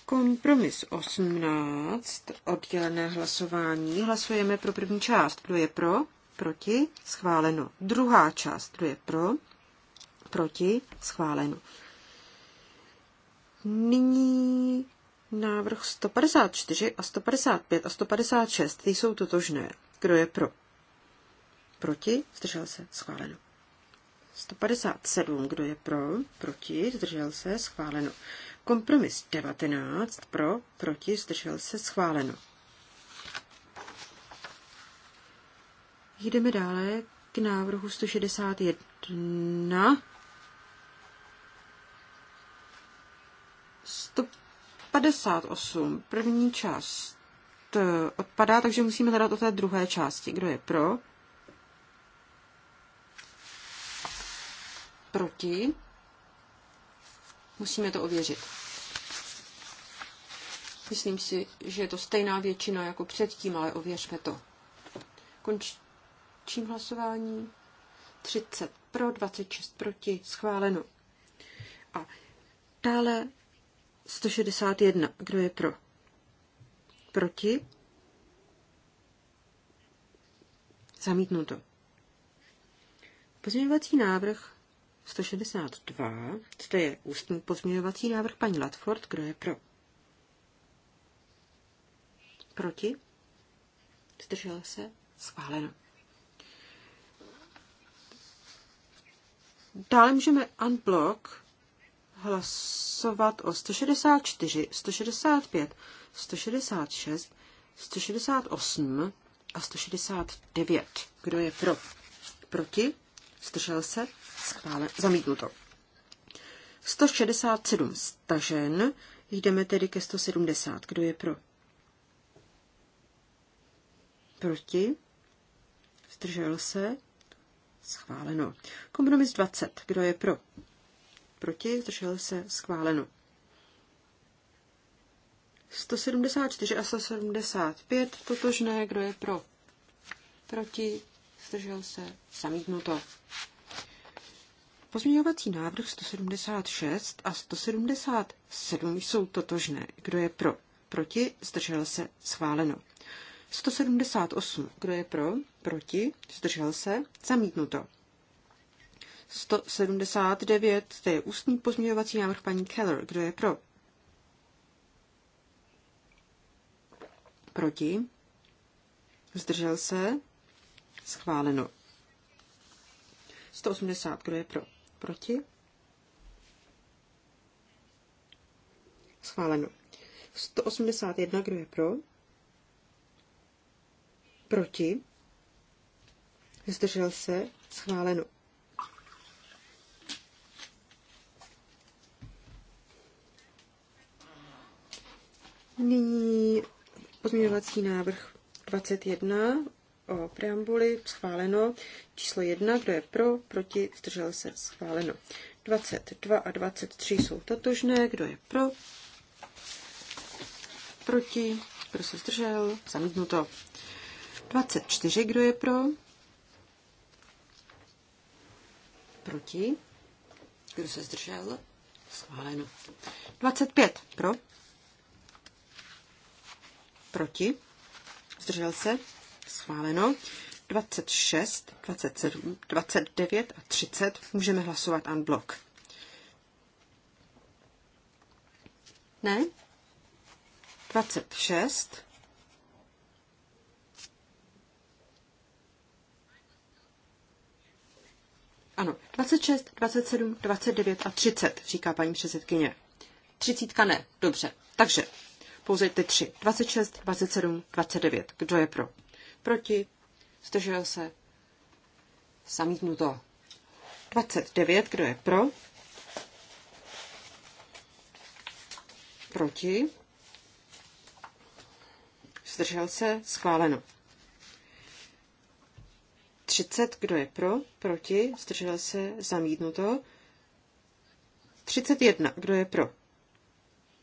Kompromis 18, oddělené hlasování. Hlasujeme pro první část, kdo je pro, proti, schváleno. Druhá část, kdo je pro, proti, schváleno. Nyní Návrh 154 a 155 a 156, ty jsou totožné. Kdo je pro? Proti? Zdržel se? Schváleno. 157, kdo je pro? Proti? Zdržel se? Schváleno. Kompromis 19, pro? Proti? Zdržel se? Schváleno. Jdeme dále k návrhu 161. 58. První část eh, odpadá, takže musíme hledat o té druhé části. Kdo je pro? Proti? Musíme to ověřit. Myslím si, že je to stejná většina jako předtím, ale ověřme to. Končím hlasování. 30 pro, 26 proti, schváleno. A dále 161. Kdo je pro? Proti? Zamítnuto. Pozměňovací návrh 162. To je ústní pozměňovací návrh paní Latford. Kdo je pro? Proti? Zdržel se? Schváleno. Dále můžeme unblock hlasovat o 164, 165, 166, 168 a 169. Kdo je pro? Proti? Zdržel se? Schválen. to. 167 stažen. Jdeme tedy ke 170. Kdo je pro? Proti? Zdržel se? Schváleno. Kompromis 20. Kdo je pro? proti, zdržel se, schváleno. 174 a 175 totožné, kdo je pro, proti, zdržel se, zamítnuto. Pozměňovací návrh 176 a 177 jsou totožné. Kdo je pro? Proti? Zdržel se? Schváleno. 178. Kdo je pro? Proti? Zdržel se? Zamítnuto. 179, to je ústní pozměňovací návrh paní Keller. Kdo je pro? Proti? Zdržel se? Schváleno. 180, kdo je pro? Proti? Schváleno. 181, kdo je pro? Proti? Zdržel se? Schváleno. Nyní pozměňovací návrh 21 o preambuli schváleno. Číslo 1, kdo je pro, proti, zdržel se, schváleno. 22 a 23 jsou totožné, kdo je pro, proti, kdo se zdržel, zamítnuto. 24, kdo je pro, proti, kdo se zdržel, schváleno. 25 pro, proti, zdržel se, schváleno. 26, 27, 29 a 30 můžeme hlasovat blok. Ne? 26. Ano, 26, 27, 29 a 30, říká paní předsedkyně. 30 ne, dobře. Takže pouze ty tři. 26, 27, 29. Kdo je pro? Proti? Zdržel se? Samítnuto. 29. Kdo je pro? Proti? Zdržel se? Schváleno. 30. Kdo je pro? Proti? Zdržel se? Zamítnuto. 31. Kdo je pro?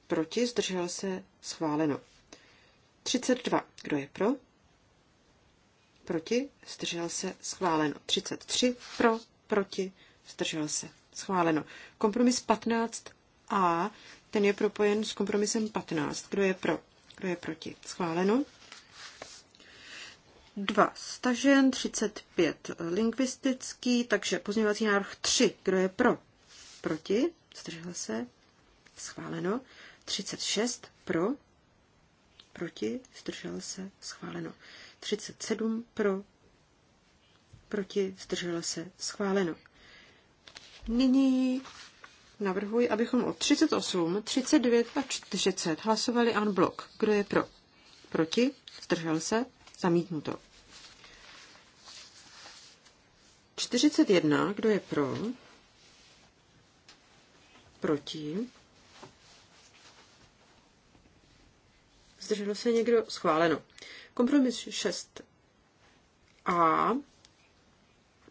proti, zdržel se, schváleno. 32, kdo je pro, proti, zdržel se, schváleno. 33, pro, proti, zdržel se, schváleno. Kompromis 15a, ten je propojen s kompromisem 15. Kdo je pro? Kdo je proti? Schváleno. 2. Stažen 35 lingvistický, takže pozměňovací návrh 3. Kdo je pro? Proti? Zdržel se? Schváleno. 36 pro, proti, zdržel se, schváleno. 37 pro, proti, zdržel se, schváleno. Nyní navrhuji, abychom o 38, 39 a 40 hlasovali en blok. Kdo je pro? Proti, zdržel se, zamítnuto. 41, kdo je pro? Proti, Zdrželo se někdo? Schváleno. Kompromis 6a.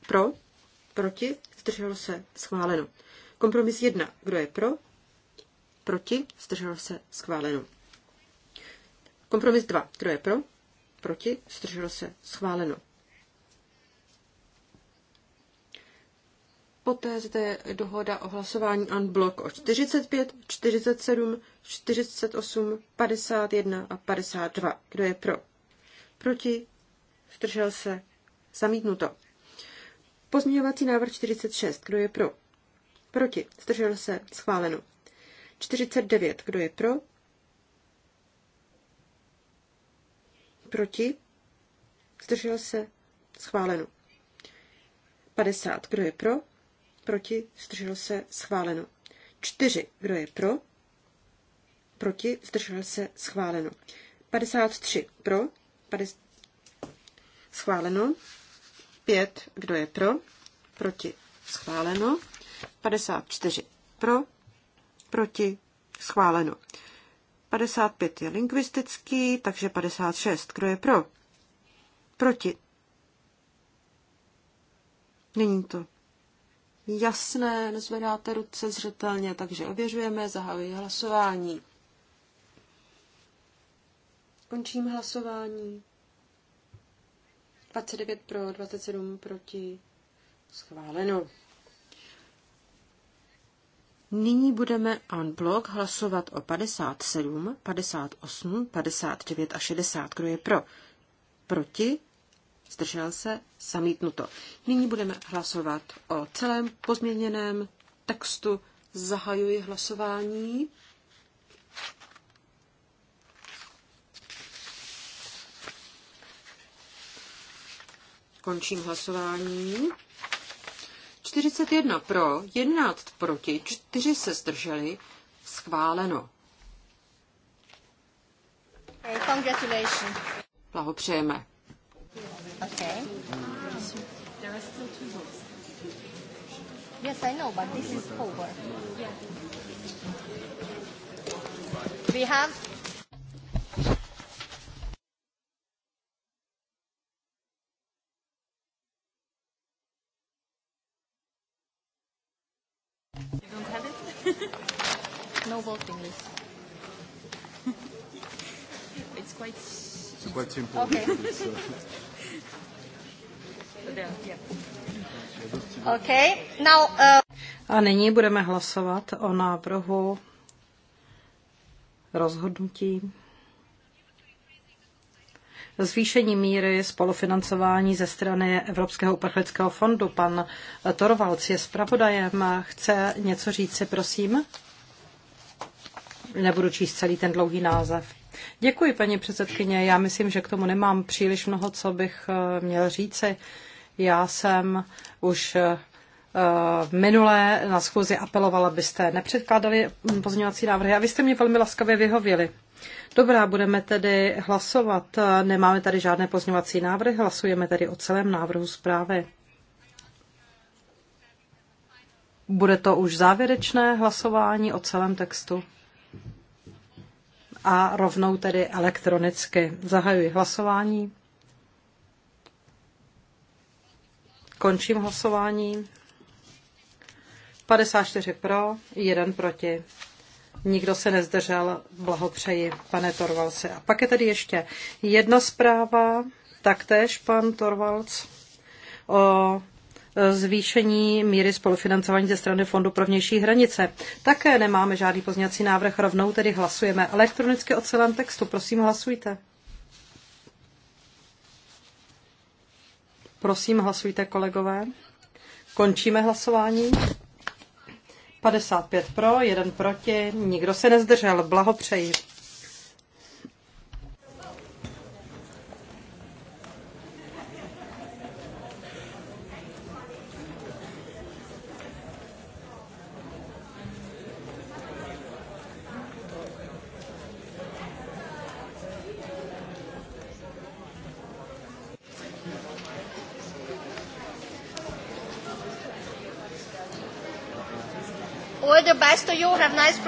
Pro? Proti? Zdrželo se? Schváleno. Kompromis 1. Kdo je pro? Proti? Zdrželo se? Schváleno. Kompromis 2. Kdo je pro? Proti? Zdrželo se? Schváleno. Poté zde dohoda o hlasování unblock o 45, 47, 48, 51 a 52. Kdo je pro? Proti? Vtržel se? Zamítnuto. Pozměňovací návrh 46. Kdo je pro? Proti? Vtržel se? Schváleno. 49. Kdo je pro? Proti? Vtržel se? Schváleno. 50. Kdo je pro? proti, zdržel se, schváleno. 4. Kdo je pro? Proti, zdržel se, schváleno. 53. Pro? 50, schváleno. 5. Kdo je pro? Proti, schváleno. 54. Pro? Proti, schváleno. 55 je lingvistický, takže 56. Kdo je pro? Proti. Není to jasné, nezvedáte ruce zřetelně, takže ověřujeme, zahajuji hlasování. Končím hlasování. 29 pro, 27 proti. Schváleno. Nyní budeme on blog hlasovat o 57, 58, 59 a 60. Kdo je pro? Proti? zdržel se, zamítnuto. Nyní budeme hlasovat o celém pozměněném textu. Zahajuji hlasování. Končím hlasování. 41 pro, 11 proti, 4 se zdrželi. Schváleno. Congratulations. Blahopřejeme. Okay. There are still two votes. Yes, I know, but this is over. We have You don't have it? no voting list. it's quite. It's quite simple. Okay. Okay. Now, uh... A nyní budeme hlasovat o návrhu rozhodnutí zvýšení míry spolufinancování ze strany Evropského uprchlického fondu. Pan Torvalc je zpravodajem. Chce něco říct? si, prosím? Nebudu číst celý ten dlouhý název. Děkuji, paní předsedkyně. Já myslím, že k tomu nemám příliš mnoho, co bych eh, měl říci. Já jsem už eh, minule na schůzi apelovala, abyste nepředkládali mm, pozměňovací návrhy a vy jste mě velmi laskavě vyhověli. Dobrá, budeme tedy hlasovat. Eh, nemáme tady žádné pozměňovací návrhy, hlasujeme tedy o celém návrhu zprávy. Bude to už závěrečné hlasování o celém textu. A rovnou tedy elektronicky. Zahajuji hlasování. Končím hlasování. 54 pro, 1 proti. Nikdo se nezdržel. Blahopřeji, pane Torvalce. A pak je tady ještě jedna zpráva, taktéž pan Torvalc, o zvýšení míry spolufinancování ze strany Fondu pro vnější hranice. Také nemáme žádný pozněcí návrh, rovnou tedy hlasujeme elektronicky o celém textu. Prosím, hlasujte. Prosím, hlasujte, kolegové. Končíme hlasování. 55 pro, 1 proti, nikdo se nezdržel. Blahopřeji.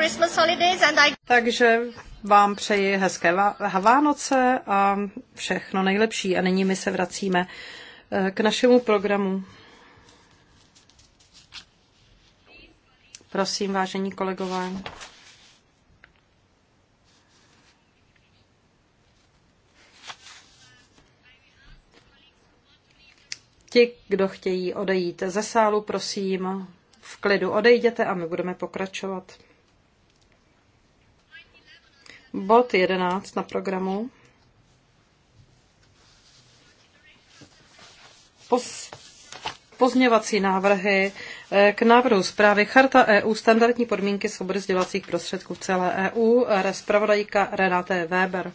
Christmas holidays and I... Takže vám přeji hezké Vánoce a všechno nejlepší. A nyní my se vracíme eh, k našemu programu. Prosím, vážení kolegové. Ti, kdo chtějí odejít ze sálu, prosím, v klidu odejděte a my budeme pokračovat. Bod 11 na programu. Pos- pozměvací návrhy eh, k návrhu zprávy Charta EU standardní podmínky svobody sdělovacích prostředků v celé EU, zpravodajka Renate Weber.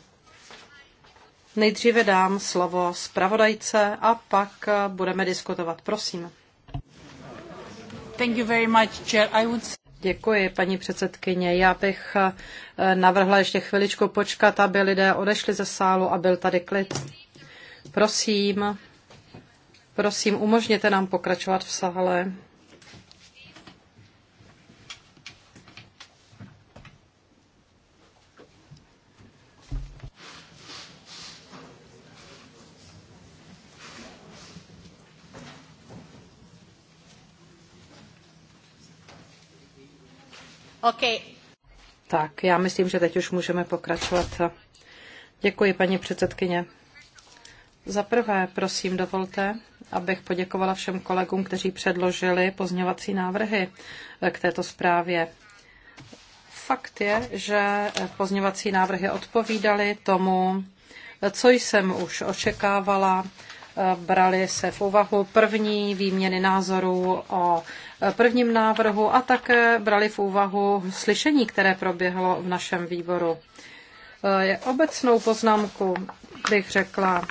Nejdříve dám slovo zpravodajce a pak eh, budeme diskutovat. Prosím. Thank you very much, Chair. I would... Děkuji, paní předsedkyně. Já bych eh, navrhla ještě chviličku počkat, aby lidé odešli ze sálu a byl tady klid. Prosím, prosím, umožněte nám pokračovat v sále. Okay. Tak, já myslím, že teď už můžeme pokračovat. Děkuji, paní předsedkyně. Za prvé, prosím, dovolte, abych poděkovala všem kolegům, kteří předložili pozměňovací návrhy k této zprávě. Fakt je, že pozměňovací návrhy odpovídaly tomu, co jsem už očekávala brali se v úvahu první výměny názorů o prvním návrhu a také brali v úvahu slyšení, které proběhlo v našem výboru. Je Obecnou poznámku bych řekla,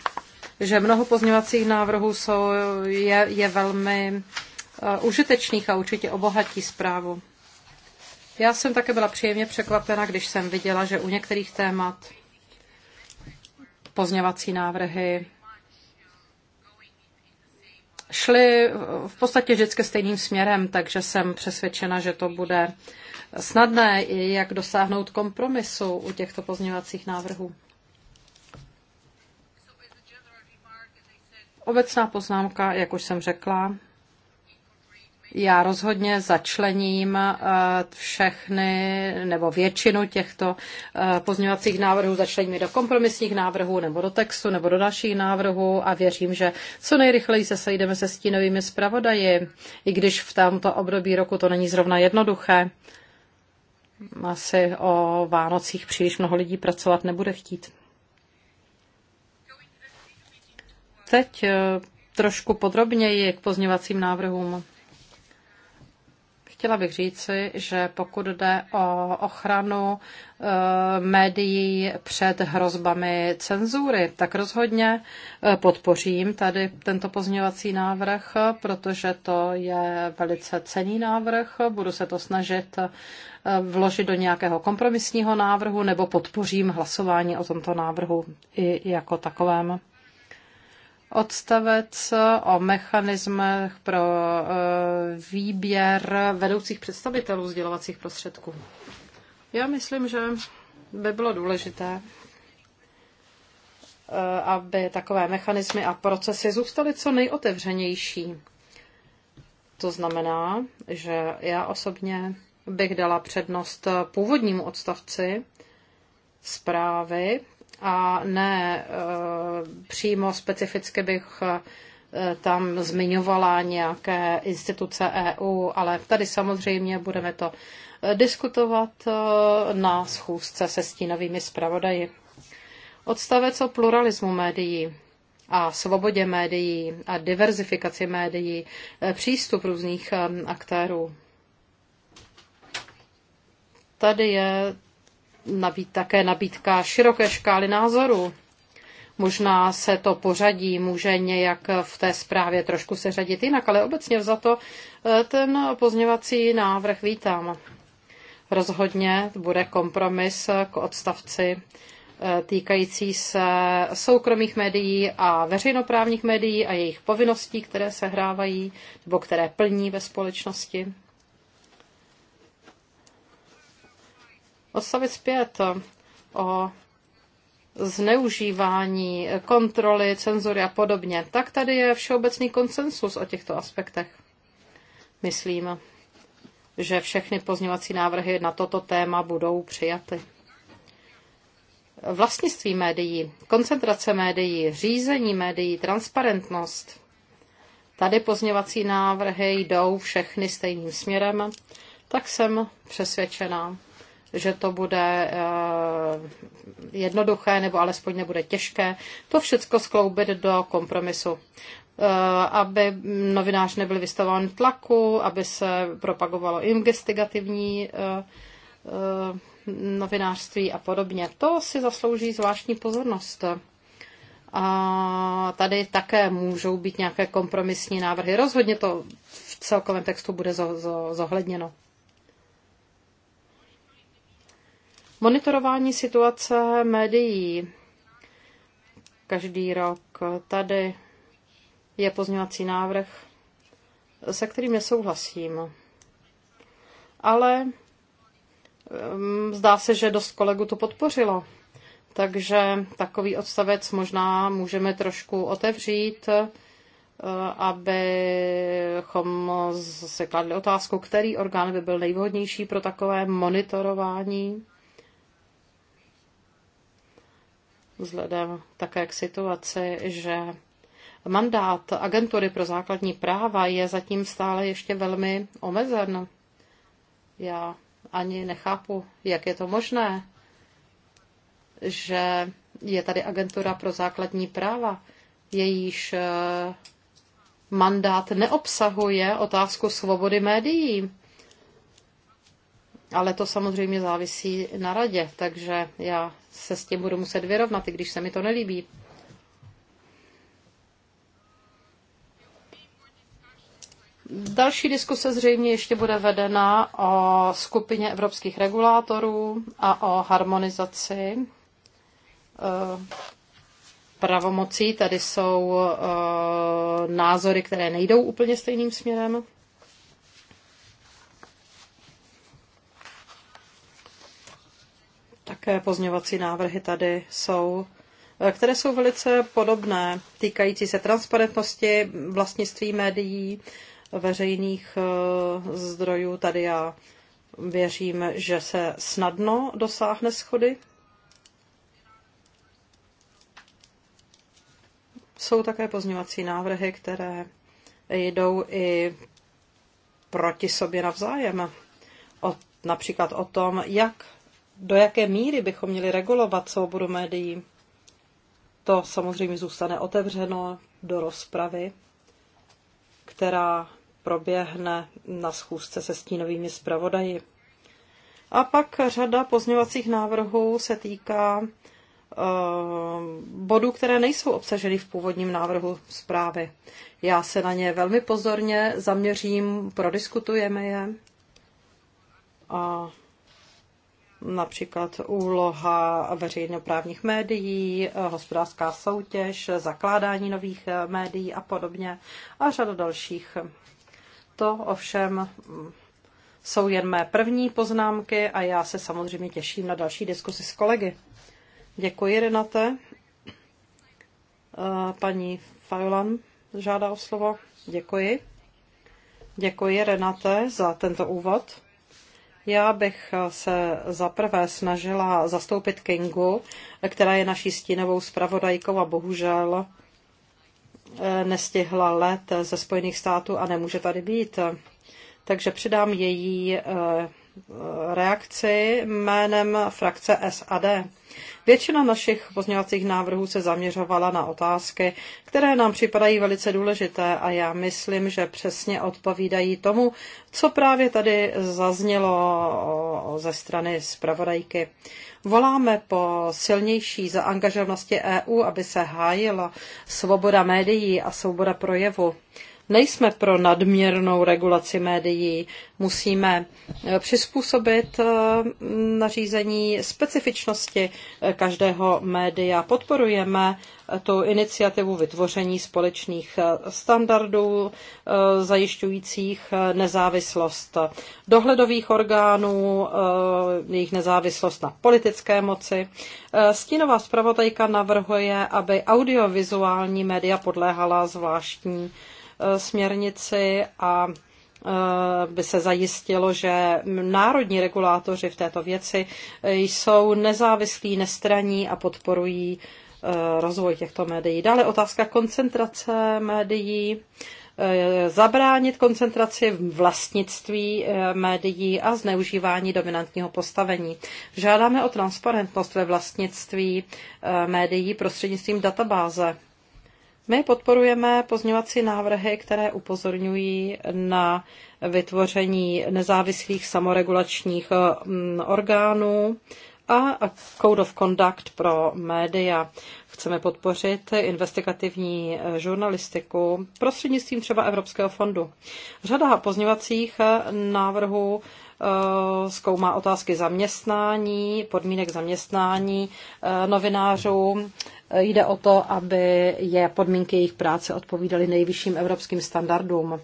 že mnoho pozměňovacích návrhů jsou, je, je velmi eh, užitečných a určitě obohatí zprávu. Já jsem také byla příjemně překvapena, když jsem viděla, že u některých témat pozněvací návrhy šly v podstatě vždycky stejným směrem, takže jsem přesvědčena, že to bude snadné, jak dosáhnout kompromisu u těchto pozměňovacích návrhů. Obecná poznámka, jak už jsem řekla, já rozhodně začlením eh, všechny nebo většinu těchto eh, pozměňovacích návrhů začlením do kompromisních návrhů nebo do textu nebo do dalších návrhů a věřím, že co nejrychleji se sejdeme se stínovými zpravodaji, i když v tomto období roku to není zrovna jednoduché. Asi o Vánocích příliš mnoho lidí pracovat nebude chtít. Teď eh, trošku podrobněji k pozměňovacím návrhům. Chtěla bych říci, že pokud jde o ochranu eh, médií před hrozbami cenzury, tak rozhodně eh, podpořím tady tento pozměňovací návrh, protože to je velice cený návrh. Budu se to snažit eh, vložit do nějakého kompromisního návrhu nebo podpořím hlasování o tomto návrhu i jako takovém odstavec o mechanismech pro eh, výběr vedoucích představitelů sdělovacích prostředků. Já myslím, že by bylo důležité, eh, aby takové mechanismy a procesy zůstaly co nejotevřenější. To znamená, že já osobně bych dala přednost původnímu odstavci zprávy, a ne eh, přímo specificky bych eh, tam zmiňovala nějaké instituce EU, ale tady samozřejmě budeme to eh, diskutovat na schůzce se stínovými zpravodaji. Odstavec o pluralismu médií a svobodě médií a diverzifikaci médií, přístup různých aktérů. Tady je nabít také nabídka široké škály názorů. Možná se to pořadí může nějak v té zprávě trošku řadit jinak, ale obecně to eh, ten pozněvací návrh vítám. Rozhodně bude kompromis k odstavci eh, týkající se soukromých médií a veřejnoprávních médií a jejich povinností, které se hrávají nebo které plní ve společnosti. Odstavec 5 eh, o zneužívání, kontroly, cenzury a podobně, tak tady je všeobecný konsensus o těchto aspektech. Myslím, že všechny pozněvací návrhy na toto téma budou přijaty. Vlastnictví médií, koncentrace médií, řízení médií, transparentnost. Tady pozněvací návrhy jdou všechny stejným směrem, tak jsem přesvědčená, že to bude eh, jednoduché nebo alespoň nebude těžké, to všechno skloubit do kompromisu eh, aby novinář nebyl vystavován tlaku, aby se propagovalo investigativní eh, novinářství a podobně. To si zaslouží zvláštní pozornost. A tady také můžou být nějaké kompromisní návrhy. Rozhodně to v celkovém textu bude zohledněno. Monitorování situace médií. Každý rok tady je pozměňovací návrh, se kterým nesouhlasím. Ale mm, zdá se, že dost kolegu to podpořilo. Takže takový odstavec možná můžeme trošku otevřít, eh, abychom se kladli otázku, který orgán by byl nejvhodnější pro takové monitorování. vzhledem také k situaci, že mandát agentury pro základní práva je zatím stále ještě velmi omezen. Já ani nechápu, jak je to možné, že je tady agentura pro základní práva, jejíž eh, mandát neobsahuje otázku svobody médií. Ale to samozřejmě závisí na radě, takže já se s tím budu muset vyrovnat, i když se mi to nelíbí. Další diskuse zřejmě ještě bude vedena o skupině evropských regulátorů a o harmonizaci eh, pravomocí. Tady jsou eh, názory, které nejdou úplně stejným směrem. pozměňovací návrhy tady jsou, eh, které jsou velice podobné, týkající se transparentnosti, vlastnictví médií, veřejných eh, zdrojů. Tady já věřím, že se snadno dosáhne schody. Jsou také pozměňovací návrhy, které jdou i proti sobě navzájem. O, například o tom, jak do jaké míry bychom měli regulovat svobodu médií, to samozřejmě zůstane otevřeno do rozpravy, která proběhne na schůzce se stínovými zpravodaji. A pak řada pozměvacích návrhů se týká eh, bodů, které nejsou obsaženy v původním návrhu zprávy. Já se na ně velmi pozorně zaměřím, prodiskutujeme je a například úloha veřejnoprávních médií, hospodářská soutěž, zakládání nových médií a podobně a řada dalších. To ovšem jsou jen mé první poznámky a já se samozřejmě těším na další diskusi s kolegy. Děkuji, Renate. Paní Fajolan žádá o slovo. Děkuji. Děkuji, Renate, za tento úvod. Já bych se zaprvé snažila zastoupit Kingu, která je naší stínovou zpravodajkou a bohužel eh, nestihla let ze Spojených států a nemůže tady být. Takže přidám její eh, eh, reakci jménem frakce SAD. Většina našich pozměňovacích návrhů se zaměřovala na otázky, které nám připadají velice důležité a já myslím, že přesně odpovídají tomu, co právě tady zaznělo ze strany zpravodajky. Voláme po silnější zaangažovanosti EU, aby se hájila svoboda médií a svoboda projevu. Nejsme pro nadměrnou regulaci médií. Musíme eh, přizpůsobit eh, nařízení specifičnosti eh, každého média. Podporujeme tu iniciativu vytvoření společných standardů zajišťujících nezávislost dohledových orgánů, jejich nezávislost na politické moci. Stínová zpravodajka navrhuje, aby audiovizuální média podléhala zvláštní Eh, směrnici a eh, by se zajistilo, že národní regulátoři v této věci eh, jsou nezávislí, nestraní a podporují rozvoj těchto médií. Dále otázka koncentrace médií, zabránit koncentraci vlastnictví médií a zneužívání dominantního postavení. Žádáme o transparentnost ve vlastnictví médií prostřednictvím databáze my podporujeme pozněvací návrhy, které upozorňují na vytvoření nezávislých samoregulačních mm, orgánů a Code of Conduct pro média. Chceme podpořit investigativní eh, žurnalistiku prostřednictvím třeba Evropského fondu. Řada pozněvacích eh, návrhů Eh, zkoumá otázky zaměstnání, podmínek zaměstnání eh, novinářů. Eh, jde o to, aby je podmínky jejich práce odpovídaly nejvyšším evropským standardům.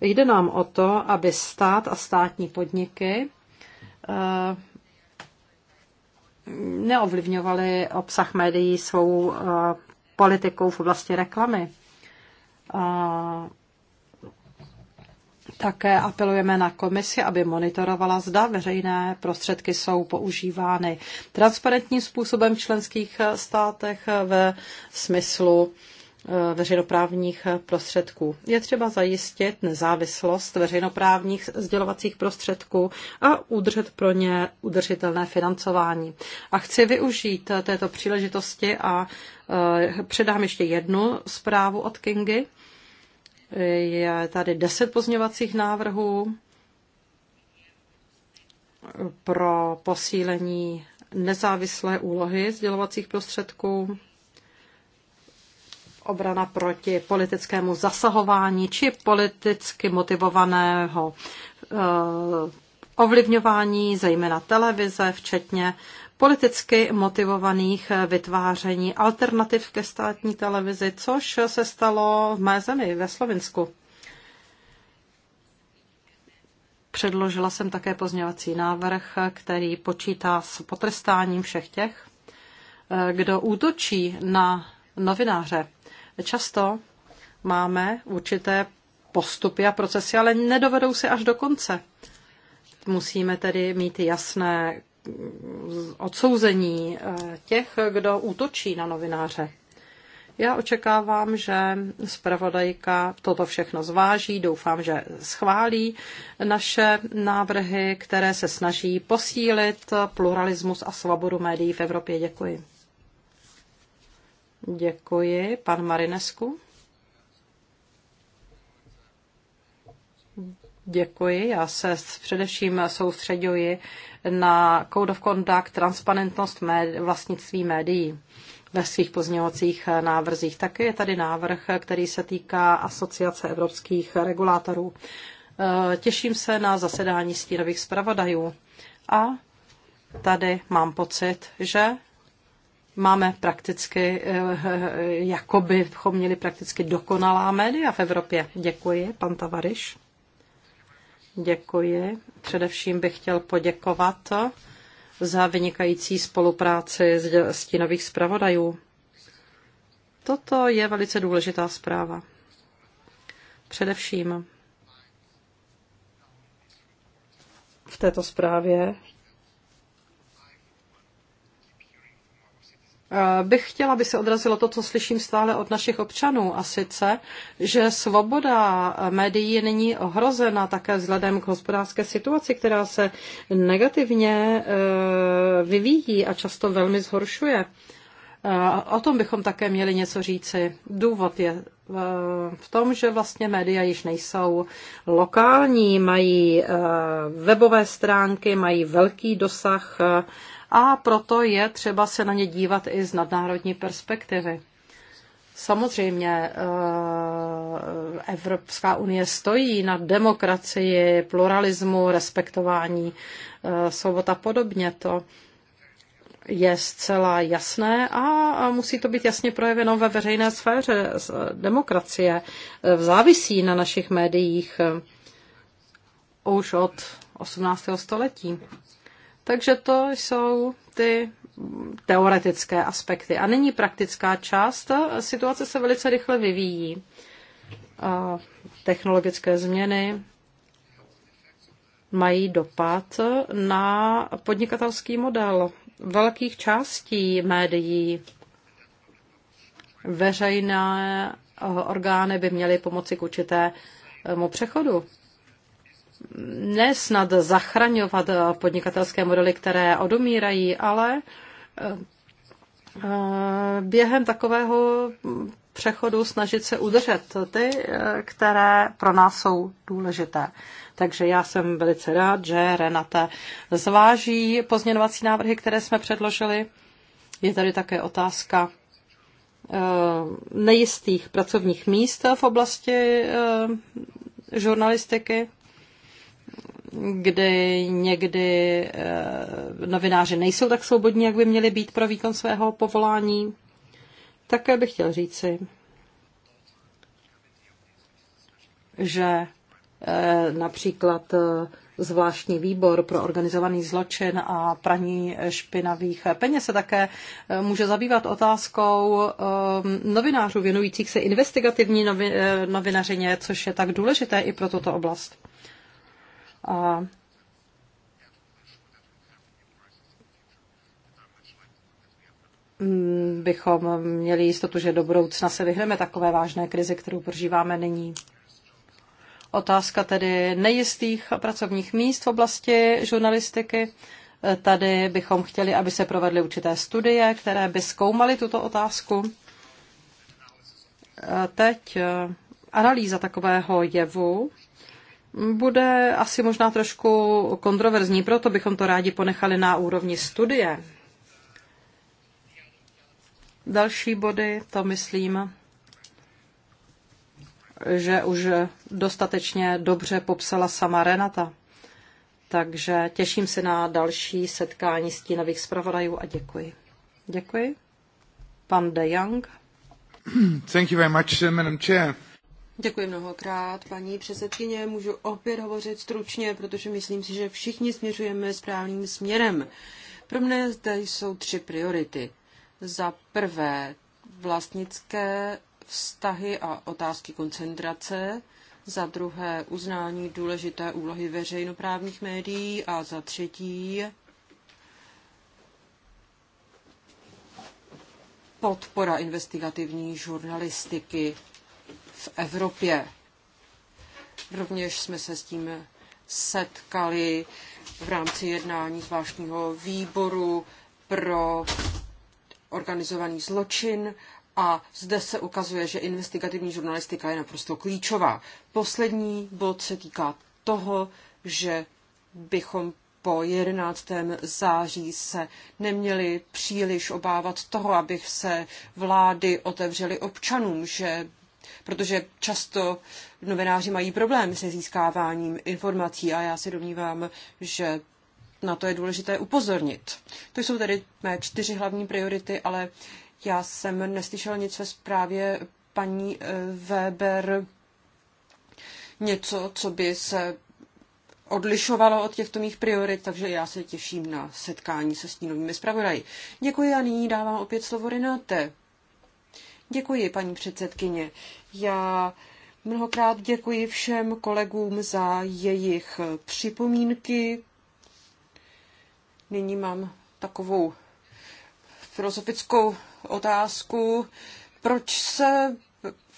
Jde nám o to, aby stát a státní podniky neovlivňovaly obsah médií svou politikou v oblasti reklamy. Také apelujeme na komisi, aby monitorovala, zda veřejné prostředky jsou používány transparentním způsobem v členských státech ve smyslu eh, veřejnoprávních prostředků. Je třeba zajistit nezávislost veřejnoprávních sdělovacích prostředků a udržet pro ně udržitelné financování. A chci využít této příležitosti a eh, předám ještě jednu zprávu od Kingy je tady deset pozměňovacích návrhů pro posílení nezávislé úlohy sdělovacích prostředků, obrana proti politickému zasahování či politicky motivovaného eh, ovlivňování, zejména televize, včetně politicky motivovaných vytváření alternativ ke státní televizi, což se stalo v mé zemi, ve Slovensku. Předložila jsem také pozněvací návrh, který počítá s potrestáním všech těch, kdo útočí na novináře. Často máme určité postupy a procesy, ale nedovedou se až do konce. Musíme tedy mít jasné odsouzení eh, těch, kdo útočí na novináře. Já očekávám, že zpravodajka toto všechno zváží, doufám, že schválí naše návrhy, které se snaží posílit pluralismus a svobodu médií v Evropě. Děkuji. Děkuji, pan Marinesku. Děkuji. Já se především soustředuji na Code of Conduct, transparentnost médi- vlastnictví médií ve svých pozměňovacích eh, návrzích. Taky je tady návrh, eh, který se týká Asociace evropských regulátorů. Eh, těším se na zasedání stínových zpravodajů. A tady mám pocit, že máme prakticky, jako bychom měli prakticky dokonalá média v Evropě. Děkuji, pan Tavariš. Děkuji. Především bych chtěl poděkovat za vynikající spolupráci s stínových zpravodajů. Toto je velice důležitá zpráva. Především v této zprávě Eh, bych chtěla, aby se odrazilo to, co slyším stále od našich občanů, a sice, že svoboda eh, médií není ohrozena také vzhledem k hospodářské situaci, která se negativně eh, vyvíjí a často velmi zhoršuje. O tom bychom také měli něco říci. Důvod je v tom, že vlastně média již nejsou lokální, mají webové stránky, mají velký dosah a proto je třeba se na ně dívat i z nadnárodní perspektivy. Samozřejmě eh, Evropská unie stojí na demokracii, pluralismu, respektování eh, svobod a podobně. To je zcela jasné a musí to být jasně projeveno ve veřejné sféře. Eh, demokracie závisí na našich médiích už od 18. století. Takže to jsou ty teoretické aspekty. A nyní praktická část. Situace se velice rychle vyvíjí. A technologické změny mají dopad na podnikatelský model velkých částí médií. Veřejné eh, orgány by měly pomoci k určitému přechodu. Nesnad zachraňovat podnikatelské modely, které odumírají, ale eh, během takového přechodu snažit se udržet ty, eh, které pro nás jsou důležité. Takže já jsem velice rád, že Renate zváží pozměňovací návrhy, které jsme předložili. Je tady také otázka eh, nejistých pracovních míst v oblasti žurnalistiky kdy někdy eh, novináři nejsou tak svobodní, jak by měli být pro výkon svého povolání. Také bych chtěl říci, že eh, například eh, zvláštní výbor pro organizovaný zločin a praní špinavých peněz se také může zabývat otázkou novinářů věnujících se investigativní novinařině, což je tak důležité i pro tuto oblast. A bychom měli jistotu, že do budoucna se vyhneme takové vážné krizi, kterou prožíváme nyní. Otázka tedy nejistých pracovních míst v oblasti žurnalistiky. Tady bychom chtěli, aby se provedly určité studie, které by zkoumaly tuto otázku. Teď eh, analýza takového jevu bude asi možná trošku kontroverzní, proto bychom to rádi ponechali na úrovni studie. Další body, to myslím, že už dostatečně dobře popsala sama Renata. Takže těším se na další setkání stínových zpravodajů a děkuji. Děkuji. Pan De Young. Thank you very much, Madam Chair. Děkuji mnohokrát, paní předsedkyně. Můžu opět hovořit stručně, protože myslím si, že všichni směřujeme správným směrem. Pro mne zde jsou tři priority. Za prvé vlastnické vztahy a otázky koncentrace, za druhé uznání důležité úlohy veřejnoprávních médií a za třetí podpora investigativní žurnalistiky v Evropě. Rovněž jsme se s tím setkali v rámci jednání zvláštního výboru pro organizovaný zločin a zde se ukazuje, že investigativní žurnalistika je naprosto klíčová. Poslední bod se týká toho, že bychom po 11. září se neměli příliš obávat toho, abych se vlády otevřely občanům, že protože často novináři mají problém se získáváním informací a já se domnívám, že na to je důležité upozornit. To jsou tedy mé čtyři hlavní priority, ale já jsem neslyšel nic ve zprávě paní eh, Weber, něco, co by se odlišovalo od těchto mých priorit, takže já se těším na setkání se stínovými zpravodaji. Děkuji a nyní dávám opět slovo Renate. Děkuji, paní předsedkyně. Já mnohokrát děkuji všem kolegům za jejich připomínky. Nyní mám takovou filozofickou otázku. Proč se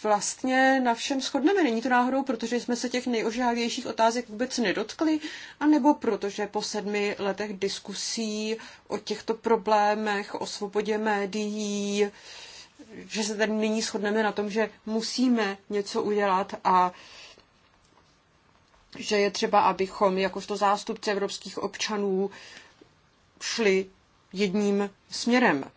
vlastně na všem shodneme. Není to náhodou, protože jsme se těch nejožávějších otázek vůbec nedotkli, anebo protože po sedmi letech diskusí o těchto problémech, o svobodě médií, že se tady nyní shodneme na tom, že musíme něco udělat a že je třeba, abychom jakožto zástupci evropských občanů šli jedním směrem.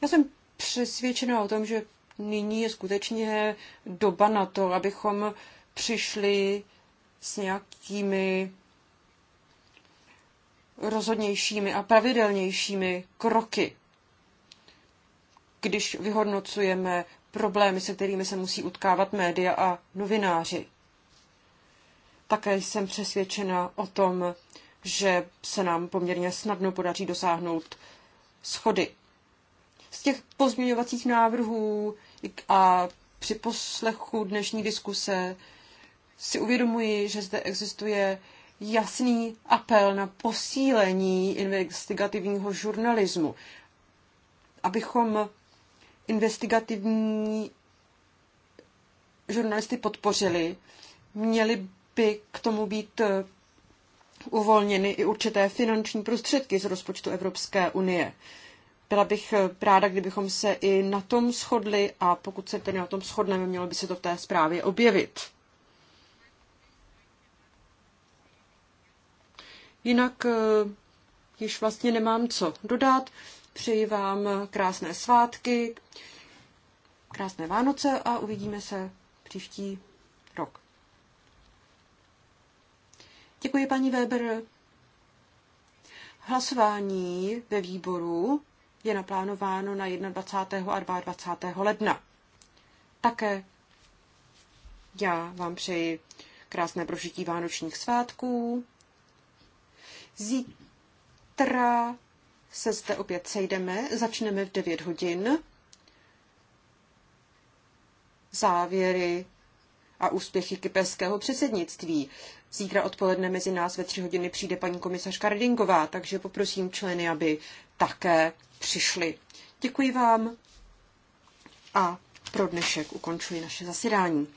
Já jsem přesvědčena o tom, že nyní je skutečně doba na to, abychom přišli s nějakými rozhodnějšími a pravidelnějšími kroky když vyhodnocujeme problémy, se kterými se musí utkávat média a novináři. Také jsem přesvědčena o tom, že se nám poměrně snadno podaří dosáhnout schody. Z těch pozměňovacích návrhů a při poslechu dnešní diskuse si uvědomuji, že zde existuje jasný apel na posílení investigativního žurnalismu, abychom investigativní žurnalisty podpořili, měly by k tomu být eh, uvolněny i určité finanční prostředky z rozpočtu Evropské unie. Byla bych eh, ráda, kdybychom se i na tom shodli a pokud se tedy na tom shodneme, mělo by se to v té zprávě objevit. Jinak eh, již vlastně nemám co dodat. Přeji vám krásné svátky, krásné Vánoce a uvidíme se příští rok. Děkuji, paní Weber. Hlasování ve výboru je naplánováno na 21. a 22. ledna. Také já vám přeji krásné prožití vánočních svátků. Zítra se zde opět sejdeme. Začneme v 9 hodin. Závěry a úspěchy kyperského předsednictví. Zítra odpoledne mezi nás ve tři hodiny přijde paní komisař Kardingová, takže poprosím členy, aby také přišli. Děkuji vám a pro dnešek ukončuji naše zasedání.